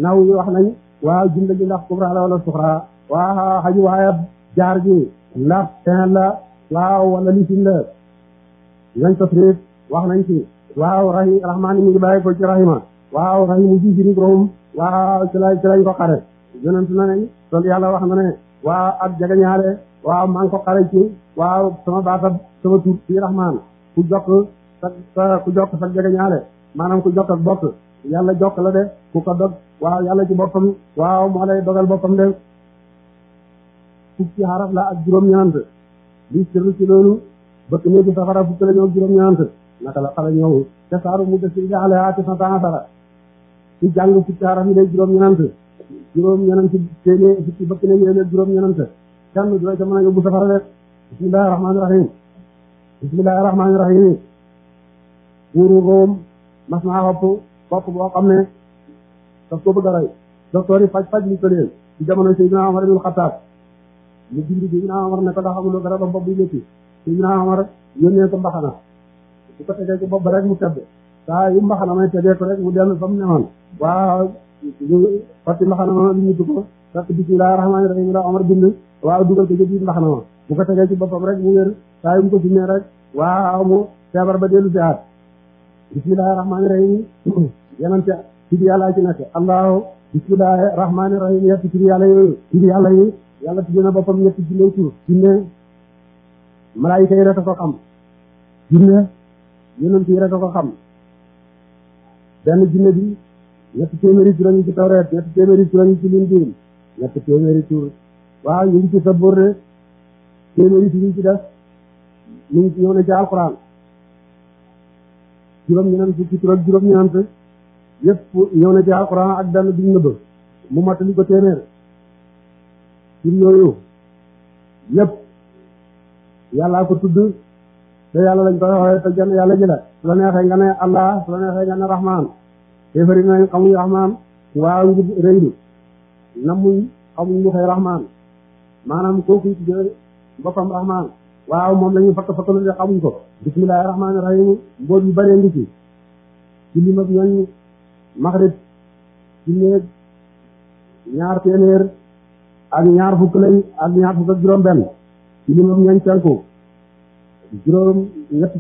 naw yi wax nañ waaw jumla ji ndax kubra la wala suxra waaw xaju waayab jaar ji ndax fin la waaw wala lisin la lañ tasrif wax nañ ci waaw rahim rahmaan mi ngi bàyyi ci rahima waaw rahimu ji ci rohum waaw ci la ci lañ ko xare yonentu na nañ loolu yàlla wax na ne waaw ak jagañaale waaw maa ngi ko xare ci waaw sama baatab sama tur ci rahmaan ku jokk sa jagañaale maanaam ku jokk ak bokk yàlla jokk la de ku dog waaw yàlla ci bokkam waaw moo lay dogal boppam de fukki xaraf la ak juróom-ñaant li sirru ci loolu bëkk ne ci safara fukki la ñëw juróom-ñaant naka la xala ñëw te saaru mu des ci alayha tis'ata ashara ci jàng fukki xaraf yi day juróom-ñaant juróom-ñaant téeméer fukki juróom-ñaant a yóbbu safara de bismillahi rahmaani rahim room mas naa wopp bopp boo xam ne daf ko bëgg a rey docteur yi faj faj li ko leen ci jamono Seydina Omar ibn Khattab mu bind Seydina Omar ne ko da xamuloo dara ba bopp bi métti Seydina Omar yónnee ko mbaxana su ko tegee ci bopp rek mu tedd saa yu mbaxana may tegee ko rek mu dellu fa mu newoon waaw fatti mbaxana ma li ñu dugg fekk bismillahi rahmaani rahim la Omar bind waaw dugal ko ci biir mbaxana ma bu ko tegee ci boppam rek mu wér saa yu mu ko simmee rek waaw mu feebar ba dellu si aat bismillahi rahmaani rahim yenante tudd yàllaa ci nekk allahu bismillahi rahmaani rahim yetti tudd yi yàlla tudd na boppam ñetti junne tur junne malaayika yi rek a ko xam junne yonent yi rek a ko xam benn junne bi ñetti téeméeri tur a ngi ci tawreet ñetti téeméeri tur a ngi ci lindiin ñetti téeméeri tur waaw ñu ngi ci sabóor de téeméeri tur yi ci des ñu ngi ci ñëw na juróom-ñeneen fukki tur ak juróom-ñeneen fukk yëpp ñëw na ci alquran ak benn biñ nëbb mu mottali ko téeméer tur yooyu yëpp yàllaa ko tudd te yàlla lañ koy waxee te jën yàlla ji la la neexee nga ne allah su la neexee nga ne rahman kéefari nañ xamuñ rahman waa ngir réylu namuñ xamuñ mu xëy rahman maanaam kooku tuddee boppam rahman waaw moom la fakk fakk lu xamuñ ko bismillahi rahmaani rahim mbool yu bëree ngi ci ci li mag maxrib ci néeg ñaar téeméer juróom benn ci li mag ñett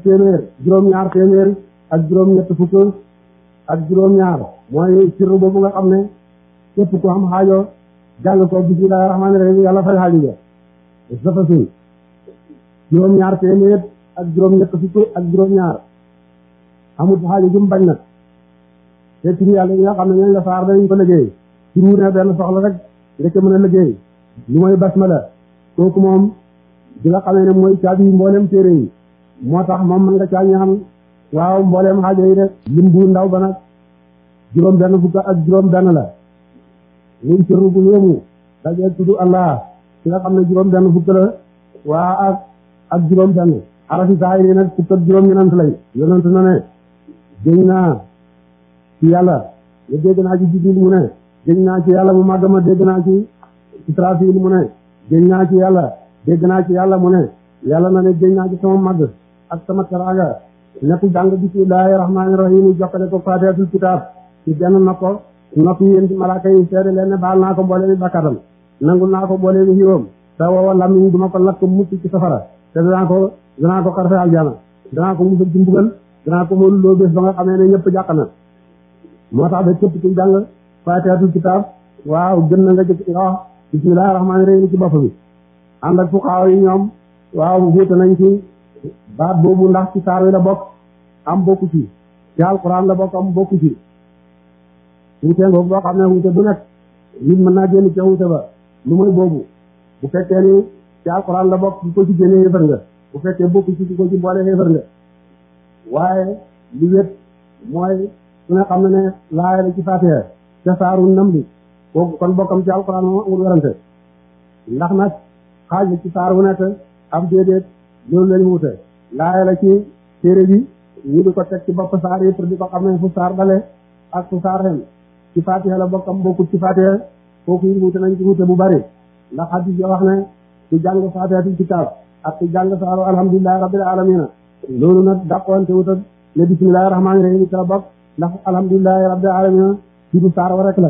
téeméer juróom ñaar téeméer ak juróom ñett fukk ak juróom ñaar mooy sirru boobu nga xam ne képp ku am xaajo jàng ko bismillahi rahmaani fay xaajo ja safasin juróom-ñaar téeméer ak juróom-ñett fukk ak juróom-ñaar amul xaajo jum bañ nag te tur yàlla yi nga xam ne la saar danañ a liggéey lu mooy basmala kooku moom mooy caabi mboolem téere yi moo tax moom mën nga caa waaw mboolem xaajo rek lim ndaw ba nag benn fukk ak juróom benn la muy cër bu yéemu daje fukk la waa ak ak juróom benn arafi saay yi nag fukk ak juróom ñenant lañ yonent na ne géñ naa ci yàlla ne dégg naa ci jibril mu ne géñ naa ci yàlla mu màgg ma dégg naa ci israfil mu ne géñ naa ci yàlla dégg naa ci yàlla mu ne yàlla na ne géñ naa ci sama màgg ak sama teraanga nekk jàng bismillahi rahmaani rahim jokkale ko faatihatul kitaab ci benn na ko noppi yéen ci malaaka yi seede leen ne naa ko mbooleemi bakkaatam nangul naa ko mbooleemi xiiwam te woowa lamiñ duma ko lakk mucc ci safara te danaa ko danaa ko xarfe aljana mu ko ci mbugal danaa ko xool loo bés ba nga xamee ne ñëpp jàq na moo tax ba képp ku jàng faatihatul kitaab waaw gën na nga jëkk nga wax bismillahi rahmaani ci bopp bi ànd ak fuqaaw yi ñoom waaw wuute nañ ci baat boobu ndax ci saar wi la bokk am bokku ci ci alquran la bokk am bokku ci wuute ngoogu boo xam ne wuute bu nekk nit mën naa génn ca wuute ba lu mooy boobu bu fekkee ni ci alxuraan la bokk bu ko ci génnee xéefar nga bu fekkee bokk ci boole xéefar nga waaye li wét mooy su nga xam ne ne laaya la ci faatiha ca saaru nam bi kooku kon bokkam ci alxuraan moom amul werante saar wu nekk ab déedéet loolu lañu wute laaya ci téere bi ñu di ko teg ci bopp saar yi pour di ko xam ne fu saar dale ak fu saar xem ci faatiha la bokkam bokkut ci faatiha kooku yi wute nañ ci wute bu bari ndax xadis yo wax ne ci jàng faatihatul kitaab ak ci jàng saaru alhamdulillahi rabbil alamina loolu nag dàqoonte wuta ne bismillahi rahmaani rahim ci la bokk ndax alhamdulillahi rabbil alamina ci du saar wa rek la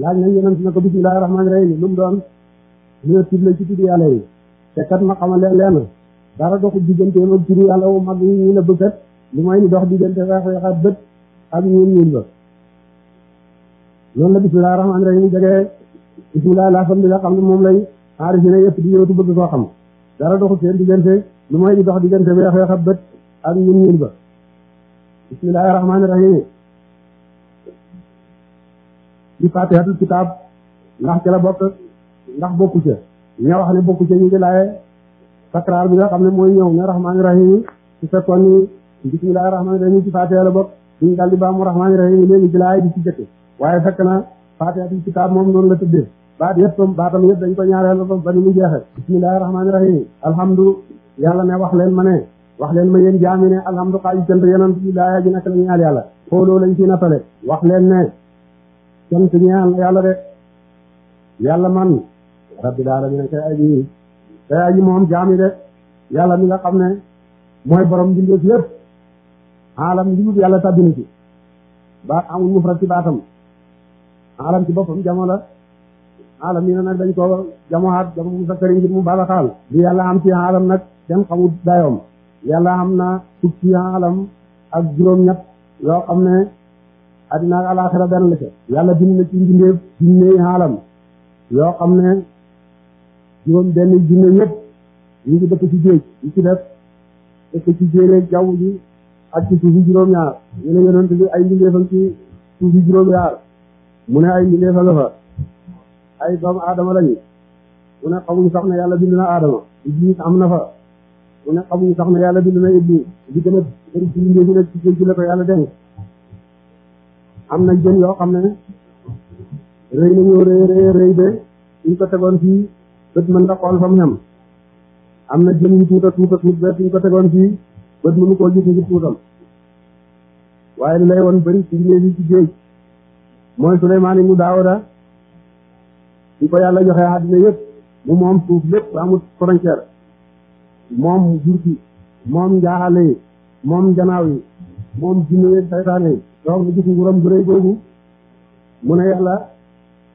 laaj nañ yonent ne ko bismillahi rahmaani rahim lu mu doon ñu ne tudd la ci tudd yàlla yi te kat ma xamal leen leen dara doxu diggante ak tudd yàlla wu mag yi ñu la bëggat lu mooy ni dox diggante weex weex ak bët ak ñuul ñuul ba loolu la bismillahi rahmaani rahim jege bismillahi la xam ne moom lay aarif yi ne yëpp di yëngatu bëgg koo xam dara doxul seen diggante lu mooy di dox diggante weex weex a bët ak ñun ñun ba bismillahi rahmaani rahim ci fatihatul kitaab ndax ca la bokk ndax bokku ca ña wax ne bokku ca ñu ngi laaye sakraar bi nga xam ne mooy ñëw ne rahmaani rahim su fekkoon ni bismillahi rahmaani rahim ci fatiha la bokk duñ daal di baamu rahmaani rahim léegi ci laay di ci jëkk waaye fekk na fatihatul kitaab moom noonu la tëddee baat yëpp baatam yëpp dañ ko ñaareel ba ni mu jeexe bismillaahi rahmaani rahiim alhamdu yàlla ne wax leen ma ne wax leen ma yéen jaami ne alhamdu xaaji cant yenant yi laa ji nak la ñaal yàlla xooloo lañ ci nattale wax leen ne cant ñaal na yàlla de yàlla man rabbil aalamiin kay aji kay aji moom jaami de yàlla mi nga xam ne mooy borom mbindeef yëpp aalam njidut yàlla tabbina ci baat amul mufrat ci baatam aalam ci boppam jamono la alamina nag dañ ko jamoxaat jamu musakkari ngir mu balaxaal li yàlla am ci alam nag kenn xamul dayoom yàlla am na fukki ak juróom xam ne addina yàlla bind na ci mbindeef junne alam yoo xam suufi juróom-ñaar mu ne ay mbindeefa nga fa ay doomu aadama lañu mu ne xamuñu ne yàlla bind na aadama iblis am na fa mu ne xamuñu ne yàlla bind na iblis di gën a bëri ci mbir mi nag ci géej gi am na jën yoo xam ne rëy nañoo rëy rëy rëy de suñ ko tegoon fii bët mën na xool fa mu am na jën yu tuuta tuuta tuut ba suñ ko tegoon fii bët mënu koo gis ngir waaye li lay woon bëri ci mbir mi ci géej mooy bi yàlla joxee yëpp mu moom suuf lépp amul frontière moom jur janaaw yi moom jinne yi saytaane yi mu ne yàlla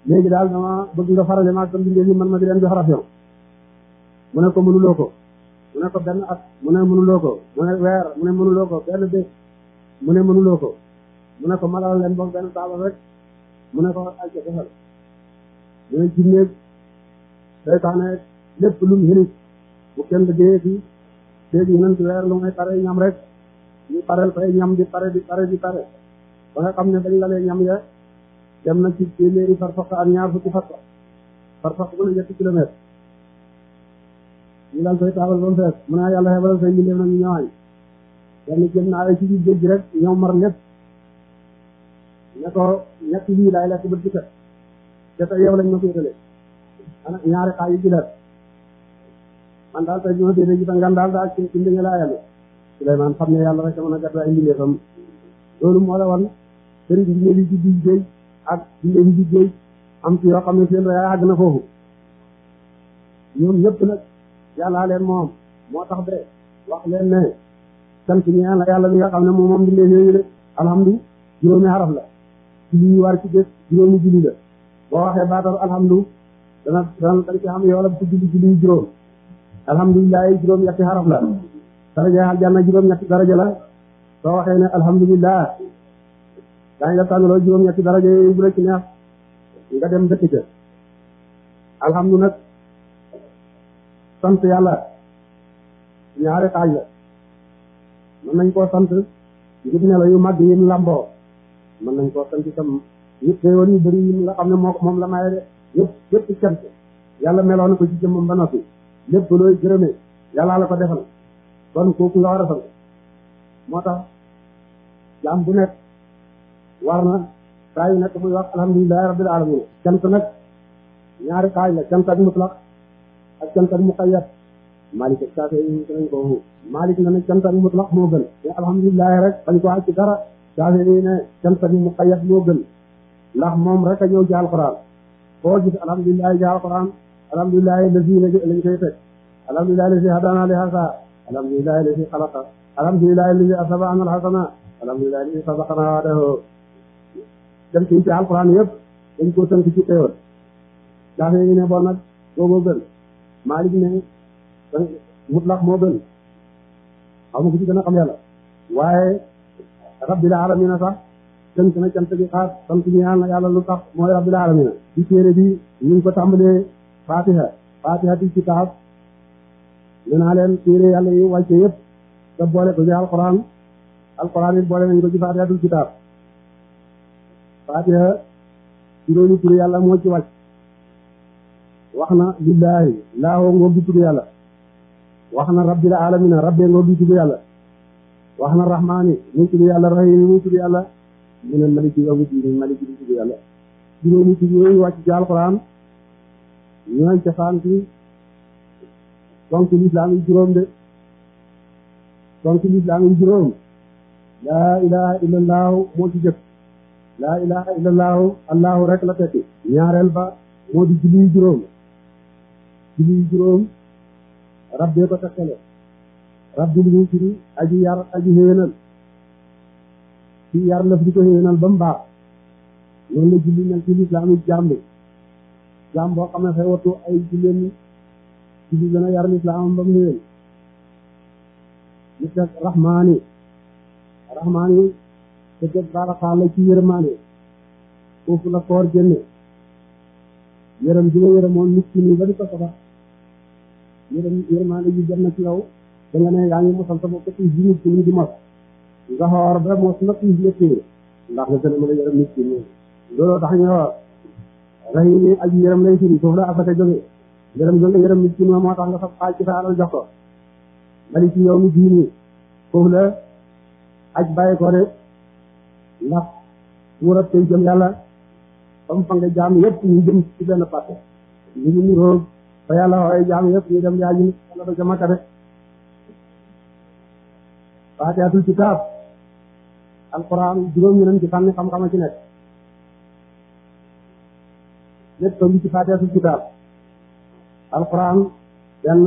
léegi daal dama bëgg nga farale maa kam bindee yi man ma di leen jox ration mu ne ko mënuloo ko mu ne ko benn at mu ne mënuloo ko mu ne weer mu ne mënuloo ko benn bés mu ne mënuloo ko mu ne ko malal leen boog benn taabal rek mu ne ko ak defal yooyu jinneeg seytaane lépp lu mu xinis bu kenn liggéeyee fi teeg ñu nanti weer lu may pare ñam rek ñu pareel koy ñam di pare di pare di pare ba nga xam ne dañ la lee ñam ya dem na ci téeméeri farfaq ak ñaar fukki farfaq farfaq bu ne ñetti kilomètre ñu dal koy taabal ba mu fees mu ne ah, yàlla xebalal say mbindeef na ñu ñëwaañ kenn ci biir géej gi rek ñoom mar lépp ne ko ñetti lii daay lekk bët di set te tey yow lañ ma féetale ana ñaari xaaj yu ci def man daal tey ñu ci sa ngan daal daal ci mbir mi laa yàlla Souleymane xam ne yàlla a mën loolu moo la wan sëriñ bi ñu xam ne seen yaa àgg na foofu ñoom nag yàllaa leen moom moo tax de wax leen ne sant ñeel na yàlla li xam ne moom moom mbindeef yooyu rek alhamdu juróomi xaraf la ci li ñu war ci la. boo waxee baatal alhamdu dana dana dañ ci am yoolam ci julli julli juróom alhamdulilah juróom ñetti xaraf la daraja aljanna juróom ñetti daraja la soo waxee ne alhamdulilah daañu la tànnaloo juróom ñetti daraja yooyu bu la ci neex nga dem dëkk ca alhamdu nag sant yàlla ñaari xaaj la mën nañ koo sant ngir ne la yu mag yi lamboo mën nañ koo sant itam yu bëri yi nga xam ne moo moom la maye de yëpp yëpp cant yàlla meloo na ci jëmmam ba noppi lépp looy gërëmee yàllaa la ko defal kon kooku nga war a sant moo tax jaam bu nekk war na saa yu nekk muy wax alhamdulilahi rabbil alamin cant nag ñaari xaaj la cant ak mutlaq ak cant ak muqayyad malik ak saafee yi dinañ ko waxu malik na ne cant ak mutlaq moo gën te alhamdulilahi rek bañ ko wax ci dara saafee yi ne cant ak muqayyad ndax moom rek a ñëw ci alxuraan foo gis alhamdulilah ci alxuraan alhamdulilah lesi lañ koy teg alhamdulilah lesi hadana li hasa alhamdulilah lesi xalaqa alhamdulilah lesi asaba anal hasana alhamdulilah lesi sabaqana waadahu dem ci ci alxuraan yëpp dañ koo tënk ci xéewal ndax yéegi ne bon nag booboo gën Malik ne mutlaq moo gën xaw ma ko ci gën a xam yàlla waaye rabbil alamin sax sant na cant gi xaas sant ñaan na yàlla lu tax mooy rabbil alamin di téere bi ñu ngi ko tàmbalee fatiha fatiha di kitaab nee naa leen téere yàlla yi wàcce yépp te boole ko ci alquran alquran boole nañ ko ci fatiha di kitaab fatiha juróomi tur yàlla moo ci wàcc wax na lillahi laahoo ngoo gi tur yàlla wax na la alamin rabbee ngoo gi tur yàlla wax na rahmaani muy tur yàlla rahim muy tur yàlla mu ne malik yi amu diine malik yi tudd yàlla juróomi tur yooyu wàcc ci alxuraan ñooñ cosaan ci donc lislaam yi juróom de donc lislaam yi juróom laa ilaha illallahu moo ci jëkk laa ilaha illallahu allahu rek la tekki ñaareel ba moo di julli juróom julli juróom rabbee ko tekkale rabbil musiri aji yar aji héenal ci yar lëf di ko yéenal ba mu baax loolu la julli mel ci lislaam yi jaam bi jaam boo xam ne fay wattu ay julleen ni ci di gën a yar lislaamam ba mu yéen li teg rahmaani rahmaani te teg baaraxaa la ci yërmaande foofu la koor génne yërëm bi nga yërëmoon nit ki nii ba di ko soxla yërëm yërmaande ji jot na ci yow da nga ne yaa ngi mosal sa bopp ci nit ki nii di mos nga xoor ba mos la piis la téye ndax nga gën a mën a yërëm nit ki moom looloo tax ñu xoor rahim yi aji yërëm lay firi foofu la asaka jóge yërëm nit ki moo tax nga fab xaaj ci sa alal jox ko bali ci yow mi diini foofu la aj bàyyi ko de ndax wóorab tey jëm yàlla ba mu fa nga jaam yëpp ñu jëm ci benn pàtte ñu ngi niroog ba yàlla xoolee jaam yëpp ñu dem yaa ji yàlla ba ca Makka kitaab alxuraan juróom ñu ci fànni xam-xama ci nekk lépp tollu ci fatihatul kitaab alxuraan benn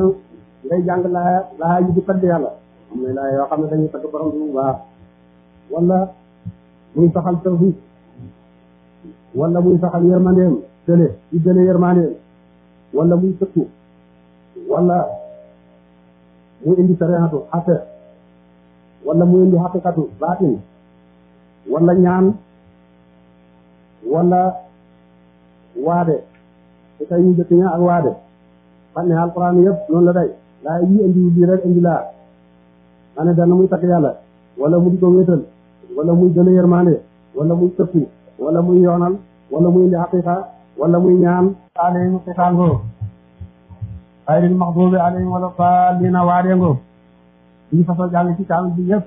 ngay jàng laaya laaya yi di tagg yàlla am laaya yoo xam ne dañuy tagg borom bi bu baax wala muy saxal tawfiq wala muy saxal yërmandeem tële di jële yërmandeem wala muy sëkku wala muy indi sarihatu xatte wala muy indi xaqiqatu baatin wala ñaan wala waade te tey ñu jëkk ak waade fànne alquran yëpp noonu la day laa yi indi lii rek indi laa ma ne dana muy takk yàlla wala mu di ko wéetal wala muy gën a muy sëppi wala muy yoonal wala muy indi xaqiqa wala muy ñaan alayhim xitaan ngoo xayril maxdubi alayhim wala daalliina waade ngoo bii façon jàng ci kaamil bi yëpp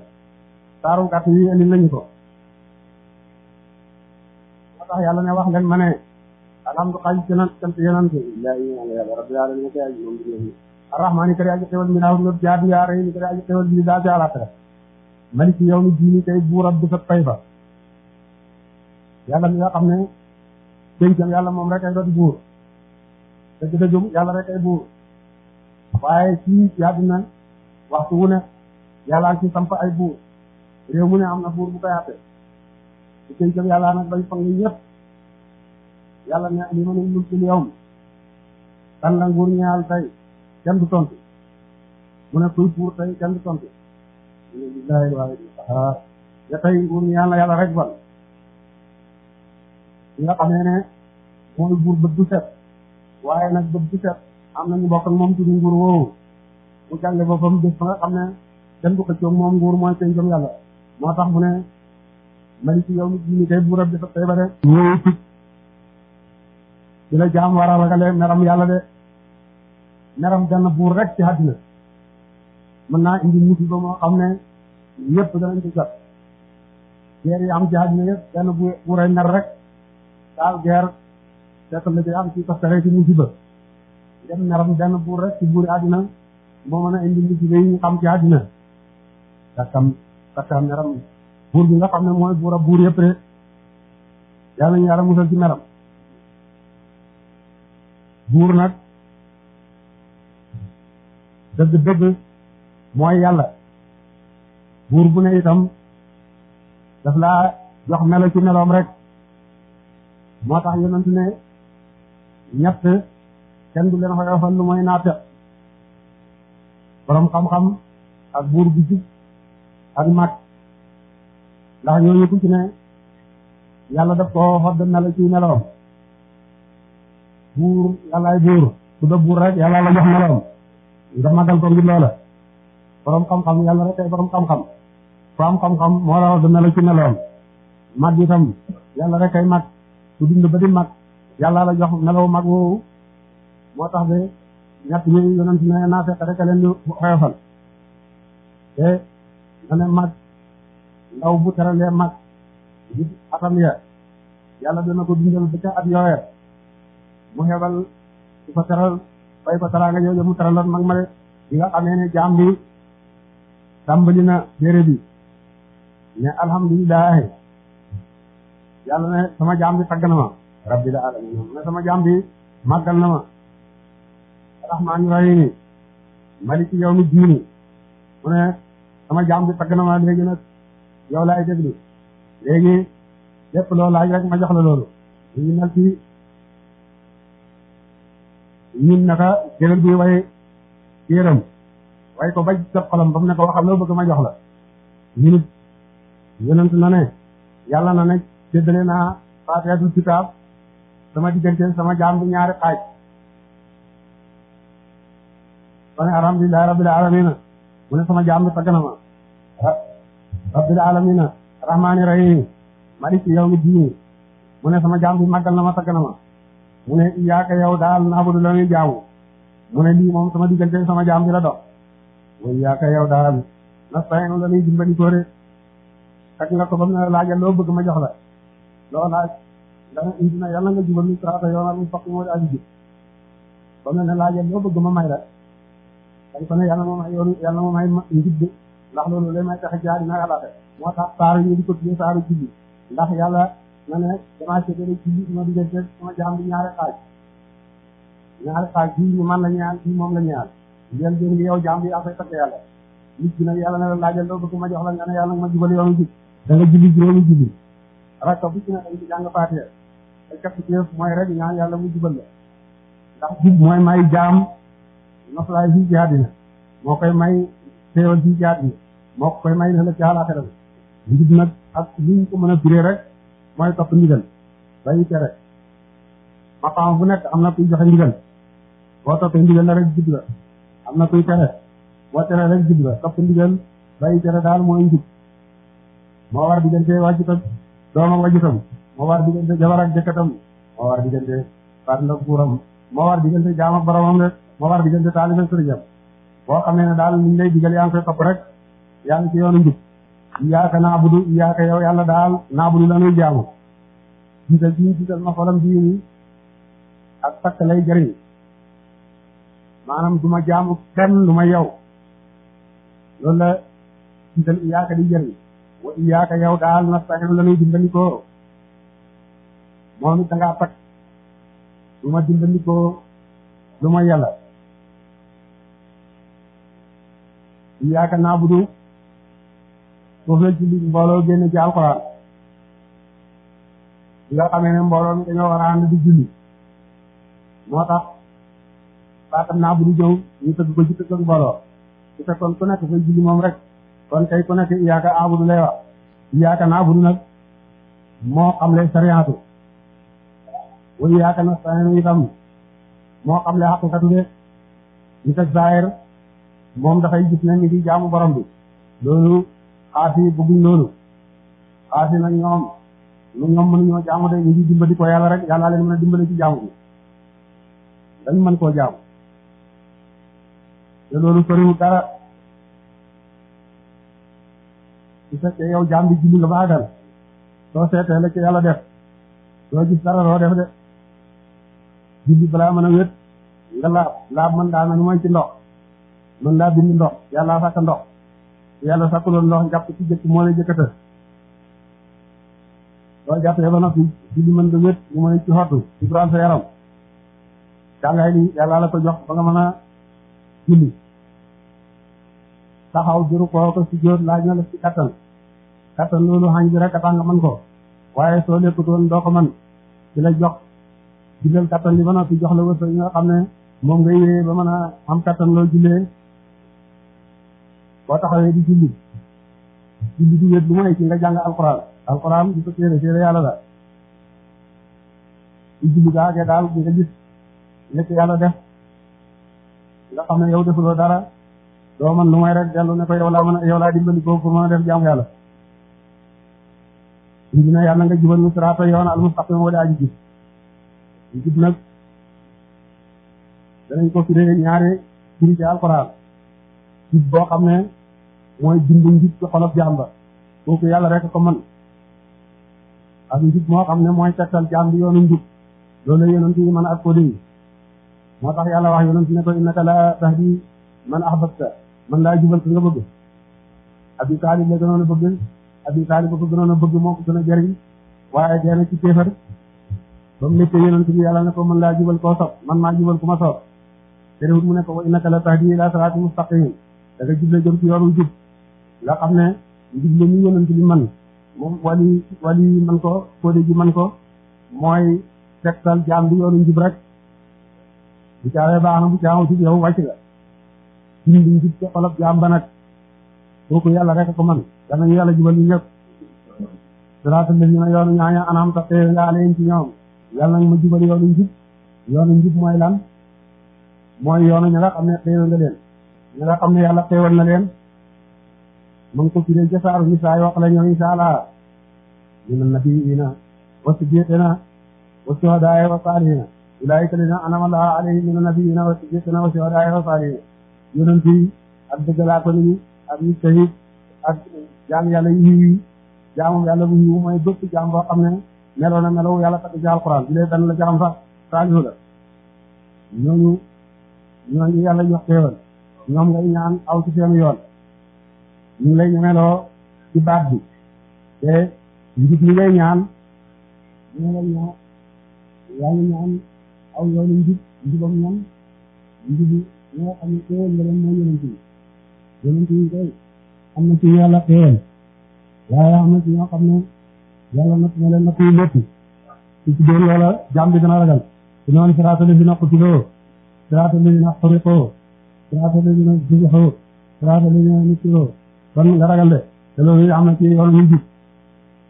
saaru gàtt yi indi nañu ko tax yàlla ne wax leen ma ne alhamdu xaaj gëna sant yonent billahi yàlla rabbil alamin ko yaji moom bi arrahmaani kadi aji xewal mi naaw no jaabi yaa rey ni kadi aji xewal bi daa ci àlaxira maliki yow mi diini kay buur ab bisab pay ba yàlla mi nga xam ne dénkam yàlla moom rek ay doon buur te dëgg-dëggum yàlla rek ay buur waaye ci àddina waxtu wu ne yàlla ci samp ay buur réew mu ne am na buur bu ko yàtte su pencam yàlla nag bañ fang yëpp yàlla ne li ma ne kan la nguur ñaal tey kenn du tontu mu ne kuy buur tey kenn du tontu mu ne billahi waaye a ya tey nguur ñaal na yàlla rek ban ñi nga xamee ne mooy buur set waaye nag bët du set am nañu bokk moom ci nguur woowu mu jàlle boppam bés ba nga xam ne kenn du xëccoo moom nguur mooy maliki yawmi diini kay buurab bi tey ba de ñëw tig la jaam war a ragale meram yàlla de meram gann buur rek ci àddina mën naa indi musiba moo xam ne ñëpp danañ ko jot guerre yi am ci àddina yëpp benn bu buuray mer rek daal guerre fekk la day am ci toftare ci musiba dem meram benn buur rek ci buuri àddina moo mën a indi musiba yi ñu xam ci àddina takkam takkam buur bi nga xam ne mooy buur ab buur yëpp de yàlla ñu yàlla musal ci melam buur nag dëgg-dëgg mooy yàlla buur bu ne itam daf laa jox melo ci meloom rek moo tax yonent ne ñett kenn du leen xoyofal lu mooy naate borom xam-xam ak buur bu jub ak mag ndax ñooñu ku ci ne yàlla daf ko xodd na la ci meloom buur yàllaay buur su da buur rek yàlla la jox meloom nga magal ko ngir loola borom xam-xam yàlla rek ay borom xam-xam fu am xam-xam moo la xodd na la mag itam yàlla rek ay mag su dund ba di mag yàlla la jox melaw mag woowu moo tax de ñett ñu yonent naa fekk rek a leen di xoyofal te na mag ndaw bu teralee mag di atam ya yàlla dana ko mu xebal di ko teral bay ko teraanga jooju mu teraloon mag ma de di nga xamee ne jaam na béere bi ne sama jaam bi na ma rabbil alamin ne sama jaam bi na ma rahmaani rahimi maliki yawmi diini mu ne sama jaam bi tagg na ma léegi nag yow laay déglu léegi lépp loo laaj rek ma jox la loolu ñu ngi mel ci ñun naka gëlëm bi way yéram way ko baj sa xolam ba mu ne ko waxal loo bëgg ma jox la ñu nit yonent na ne yàlla na ne séddale naa faatihatul kitaab sama diggante sama jaam bu ñaari xaaj ba ne alhamdulillahi rabbil alamin mu ne sama jaam bi tagg na ma rabbil alamina rahmaani rahim maliki yawmi diin mu ne sama jaam bi màggal na ma tagg na ma mu ne iyaaka yow daal naabudu la ñuy jaamu mu ne lii moom sama diggante sama jaam bi la dox wa iyaaka yow daal nasta'inu la ñuy dimbali ko rek fekk nga ko ba mu ne laajal loo bëgg ma jox la loo laaj dana indi na yàlla nga jubal ñu traité yoonal ñu fokk moo di aju ji ba mu ne laajal loo bëgg ma may la dañ ko ne yàlla moom ay yoonu yàlla moom ay njub ndax loolu ma may tax a jaar dina moo tax saaru ñu di ko tuddee saaru julli ndax yàlla na ne damaa man la ñaan bii moom la ñaan njël jën gi yow na la ma jox la nga ne yàlla nga ma jubal yoonu jub da nga julli juróomi julli rakka bu ci ne dañ ci la ndax jub mooy may jaam moo koy may teewal fii ci àddina moo koy may na la ci àllaaxira njub nag ak li ñu ko mën a biree rek mooy topp ndigal bàyyi tere maqaam bu nekk am na kuy joxe ndigal boo toppee ndigal la rek jub la am na kuy tere boo tere rek jub la topp ndigal bàyyi tere daal mooy njub moo war diggante wàccutam doomam wàccutam moo war diggante di ak jëkkatam moo war diggante fàttaliku kuuram moo war diggante jaam ba boromam rek moo war diggante taalib ak sëriñam boo xamee ne daal liñ lay digal yaa ngi koy topp rek yaa ngi ci yoonu njub iyaaka naabudu iyaaka yow yàlla daal naabudu lanuy jaamu jiital bi ñu jiital ma xolam bii nii ak lay jëriñ maanaam du jaamu kenn lu ma yow loolu la jiital iyaaka di jëriñ wa iyaaka yow daal nasta'iin lanuy dimbandikoo moom it da ngaa takk du ma dimbandikoo lu ma yàlla iyaaka naabudu foofu la julli mbooloo génn ci alxuraan bi nga xamee ne mbooloo mi dañoo war ànd di julli moo tax baatam naa bu du jëw ñu tëgg ko ci tëgg mbooloo su fekkoon ku nekk fay julli moom rek kon tey ku nekk iyaaka aabudu lay wax iyaaka naabudu nag moo xam le sariyaatu wa iyaaka nasta'iin itam moo xam le xaqiqatu de ñu teg zaahir moom dafay gis ne ñu ngi jaamu borom bi loolu xaasi bëgguñ loolu xaasi nag ñoom lu ñoom mënuñoo jaamu de ñu ngi dimbali ko yàlla rek yàlla leen mën a dimbali ci jaamu bi dañ mën koo jaamu te loolu soriwul dara su fekkee yow jaam bi julli nga ba àggal soo seetee la ci yàlla def doo gis dara doo def de julli balaa mën a wét nga laab laab mën daa mel mooy ci ndox mën daa bind ndox yàlla sàkk ndox yàlla sàkkuloon ndox jàpp ci jëkk moo lay jëkkata boo jàppee ba noppi ci li mën da wét nga mën a yaram jàngaay li yàlla la ko jox ba nga mën a julli taxaw juru koo ko si jóor laaj na la ci kattan kattan loolu xañ bi rek a tax mën ko waaye soo lekkutoon doo ko mën jox digal kattan li ba noppi jox la wërsëg yi nga xam ba mën a am kattan loo boo taxawee di julli julli du wét lu mu ne ci nga jàng alquran alquran di ko téere téere yàlla la di julli daal nga gis lépp yàlla ne yow defuloo dara doo mën lu may ne ko yow laa mën a yow laa dimbali ko pour mën a mu wala aji jub jub nag danañ ko firee ñaare firi ci alquran jub boo xam ne mooy dimbu njub ci xolof jaam ba kooku yàlla rek ko mën ak njub moo xam ne mooy tegtal jaam bi yoonu njub loolu yonent yi mën ak ko dégg moo tax yàlla wax yonent ne ko innaka laa tahdi man ahbabta man laa jubal ki nga bëgg abi taalib la gënoon a bëgg abi taalib ko gënoon a bëgg moo ko gën a jariñ waaye dee na ci téefar ba mu méttee yonent bi yàlla ne ko man laa jubal koo sopp man maa jubal ku ma sopp te mu ne ko wa innaka la tahdi ila siraatin mustaqim da nga jëm ci yoonu jub loo xam ne ndigle mi yonent bi man moom wali wali man ko kóode ji man ko mooy tegtal jaam bi yoonu njub rek bu caawee baax na bu caaw ci yow wàcc nga dimbi njub ca xolob jaam ba nag kooku yàlla rek ko man danañu yàlla jubal ñu ñëpp siraatal lazina yoonu ñaaña anam ta tee nga aleen ci ñoom yàlla nag ma jubal yoonu njub yoonu njub mooy lan mooy yoonu ña nga xam ne xéewal nga leen ña nga xam ne yàlla xéewal na leen mu ngi ko firee ca saaru Nisaa wax la ñoom incha allah mina nabiyyiina wa siddiqiina wa shuhadaa wa saalihiina ulaa'ika llaziina an'ama llaahu alayhim mina nabiyyiina wa siddiqiina wa yàlla yu yiw yàlla bu yiw mooy bépp jaam boo xam ne meloo na meloo yàlla tagg ci alquran bi lee la jaam sax saalihu la ñooñu ñooñu yàlla jox xéewal ñoom ngay ñaan aw ci seen yoon ñu lay ñemeloo ci baat bi te njub li ngay ñaan ñu lay ñaan yaa ngi ñaan aw yoonu njub njubam ñan njubu ñoo xam ne xéewal nga leen moo yonent yi yonent yi koy am na ci yàlla xéewal waaye am na ci ñoo xam ne yàlla natt na leen natt yu métti su ci doon loola jàmm bi dana ragal su noonu siraata lazina qutiloo siraata lazina xuriqoo siraata lazina jubixoo siraata lazina nutiroo kon nga ragal de te loolu am na ci yoon muy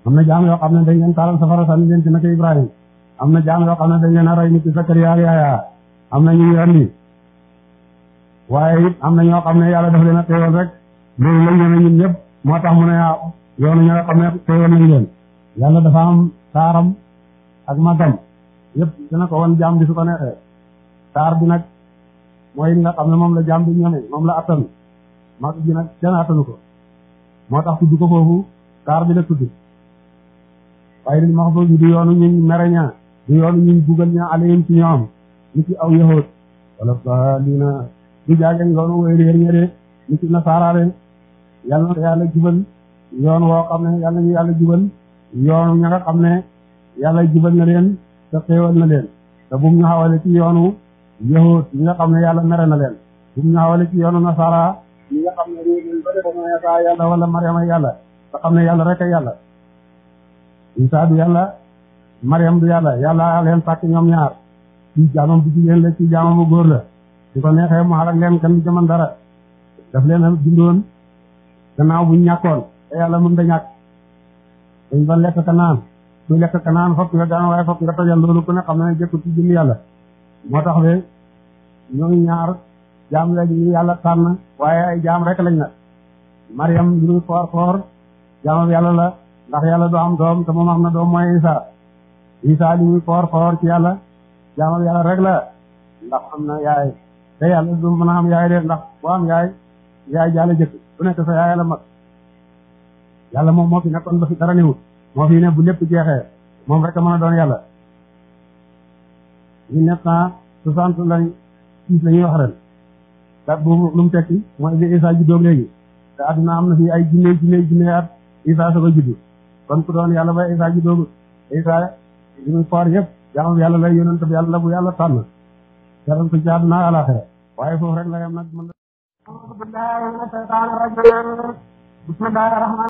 am na jaam yoo xam ne dañ leen taalal safara sànni leen ci naka Ibrahima am na jaam yoo xam ne dañ leen a rey ni ci am na ñu andi waaye am na ñoo xam ne yàlla daf leen rek loolu lañ leen ñun ñëpp moo tax mu ne ah yoonu ñoo xam ne teewoon nañ leen saaram ak magam yëpp dina ko wan jaam bi su saar bi nag mooy nga xam ne moom la jaam bi ñeme la attan mag bi nag kenn attanu ko. moo tax tudd ko foofu kaar bi la tudd waaye lil maxsuus bi du yoonu ñu mere ña du yoonu ñu bugal ña alayhim ci ñoom ni ci aw yahud wala saalina du jaagen yoonu way réer ña de ni ci nasaaraale yàlla na yàlla jubal yoon woo xam ne yàlla ñu yàlla jubal na leen te xéewal na leen te bum ñu xawale ci yoonu yahud ñi nga xam ne yàlla mere na leen bum ñu xawale ci yoonu nasaara ñi nga xam ne réew mi ba defoon na yàlla wala Mariama yàlla nga yàlla rek yàlla Isaa du yàlla Mariam du yàlla yàlla leen sàkk ñoom ñaar ci jaamam bu jigéen la ci jaamam bu góor la su ko neexee mu xalak leen kan du dara daf leen a bindoon ganaaw bu ñàkkoon te yàlla mën te ñàkk dañ ba lekk ka naan su lekk ka naan fokk nga gaan waaye fokk nga tojal loolu ku ne xam ne jëkku ci jëm yàlla moo tax be ñoom ñaar jaam lañ ñu yàlla tànn waaye ay jaam rek lañ nag Mariam lu foor yàlla la ndax yàlla du doom te moom na doom mooy Isa Isa li muy foor foor ci yàlla jaamam yàlla rek la na yaay yàlla du mën am yaay ndax boo am yaay yaay jaala nekk sa yaay yàlla moom moo fi nekkoon ba fi dara newut moo fi ne bu lépp jeexee moom rek a doon yàlla mille neuf cent soixante lañ siis ñuy wax ren dat boobu lu mu tekki mooy bi Isa juddoog léegi te adduna am na fi ay junne junne junne at Isa soog a juddu kon ku doon yàlla ba Isa juddoog Isa li muy foor yëpp jaamu yàlla lay yonent bi yàlla bu yàlla tànn jaral ko ci adduna alaxira waaye foofu rek la yem nag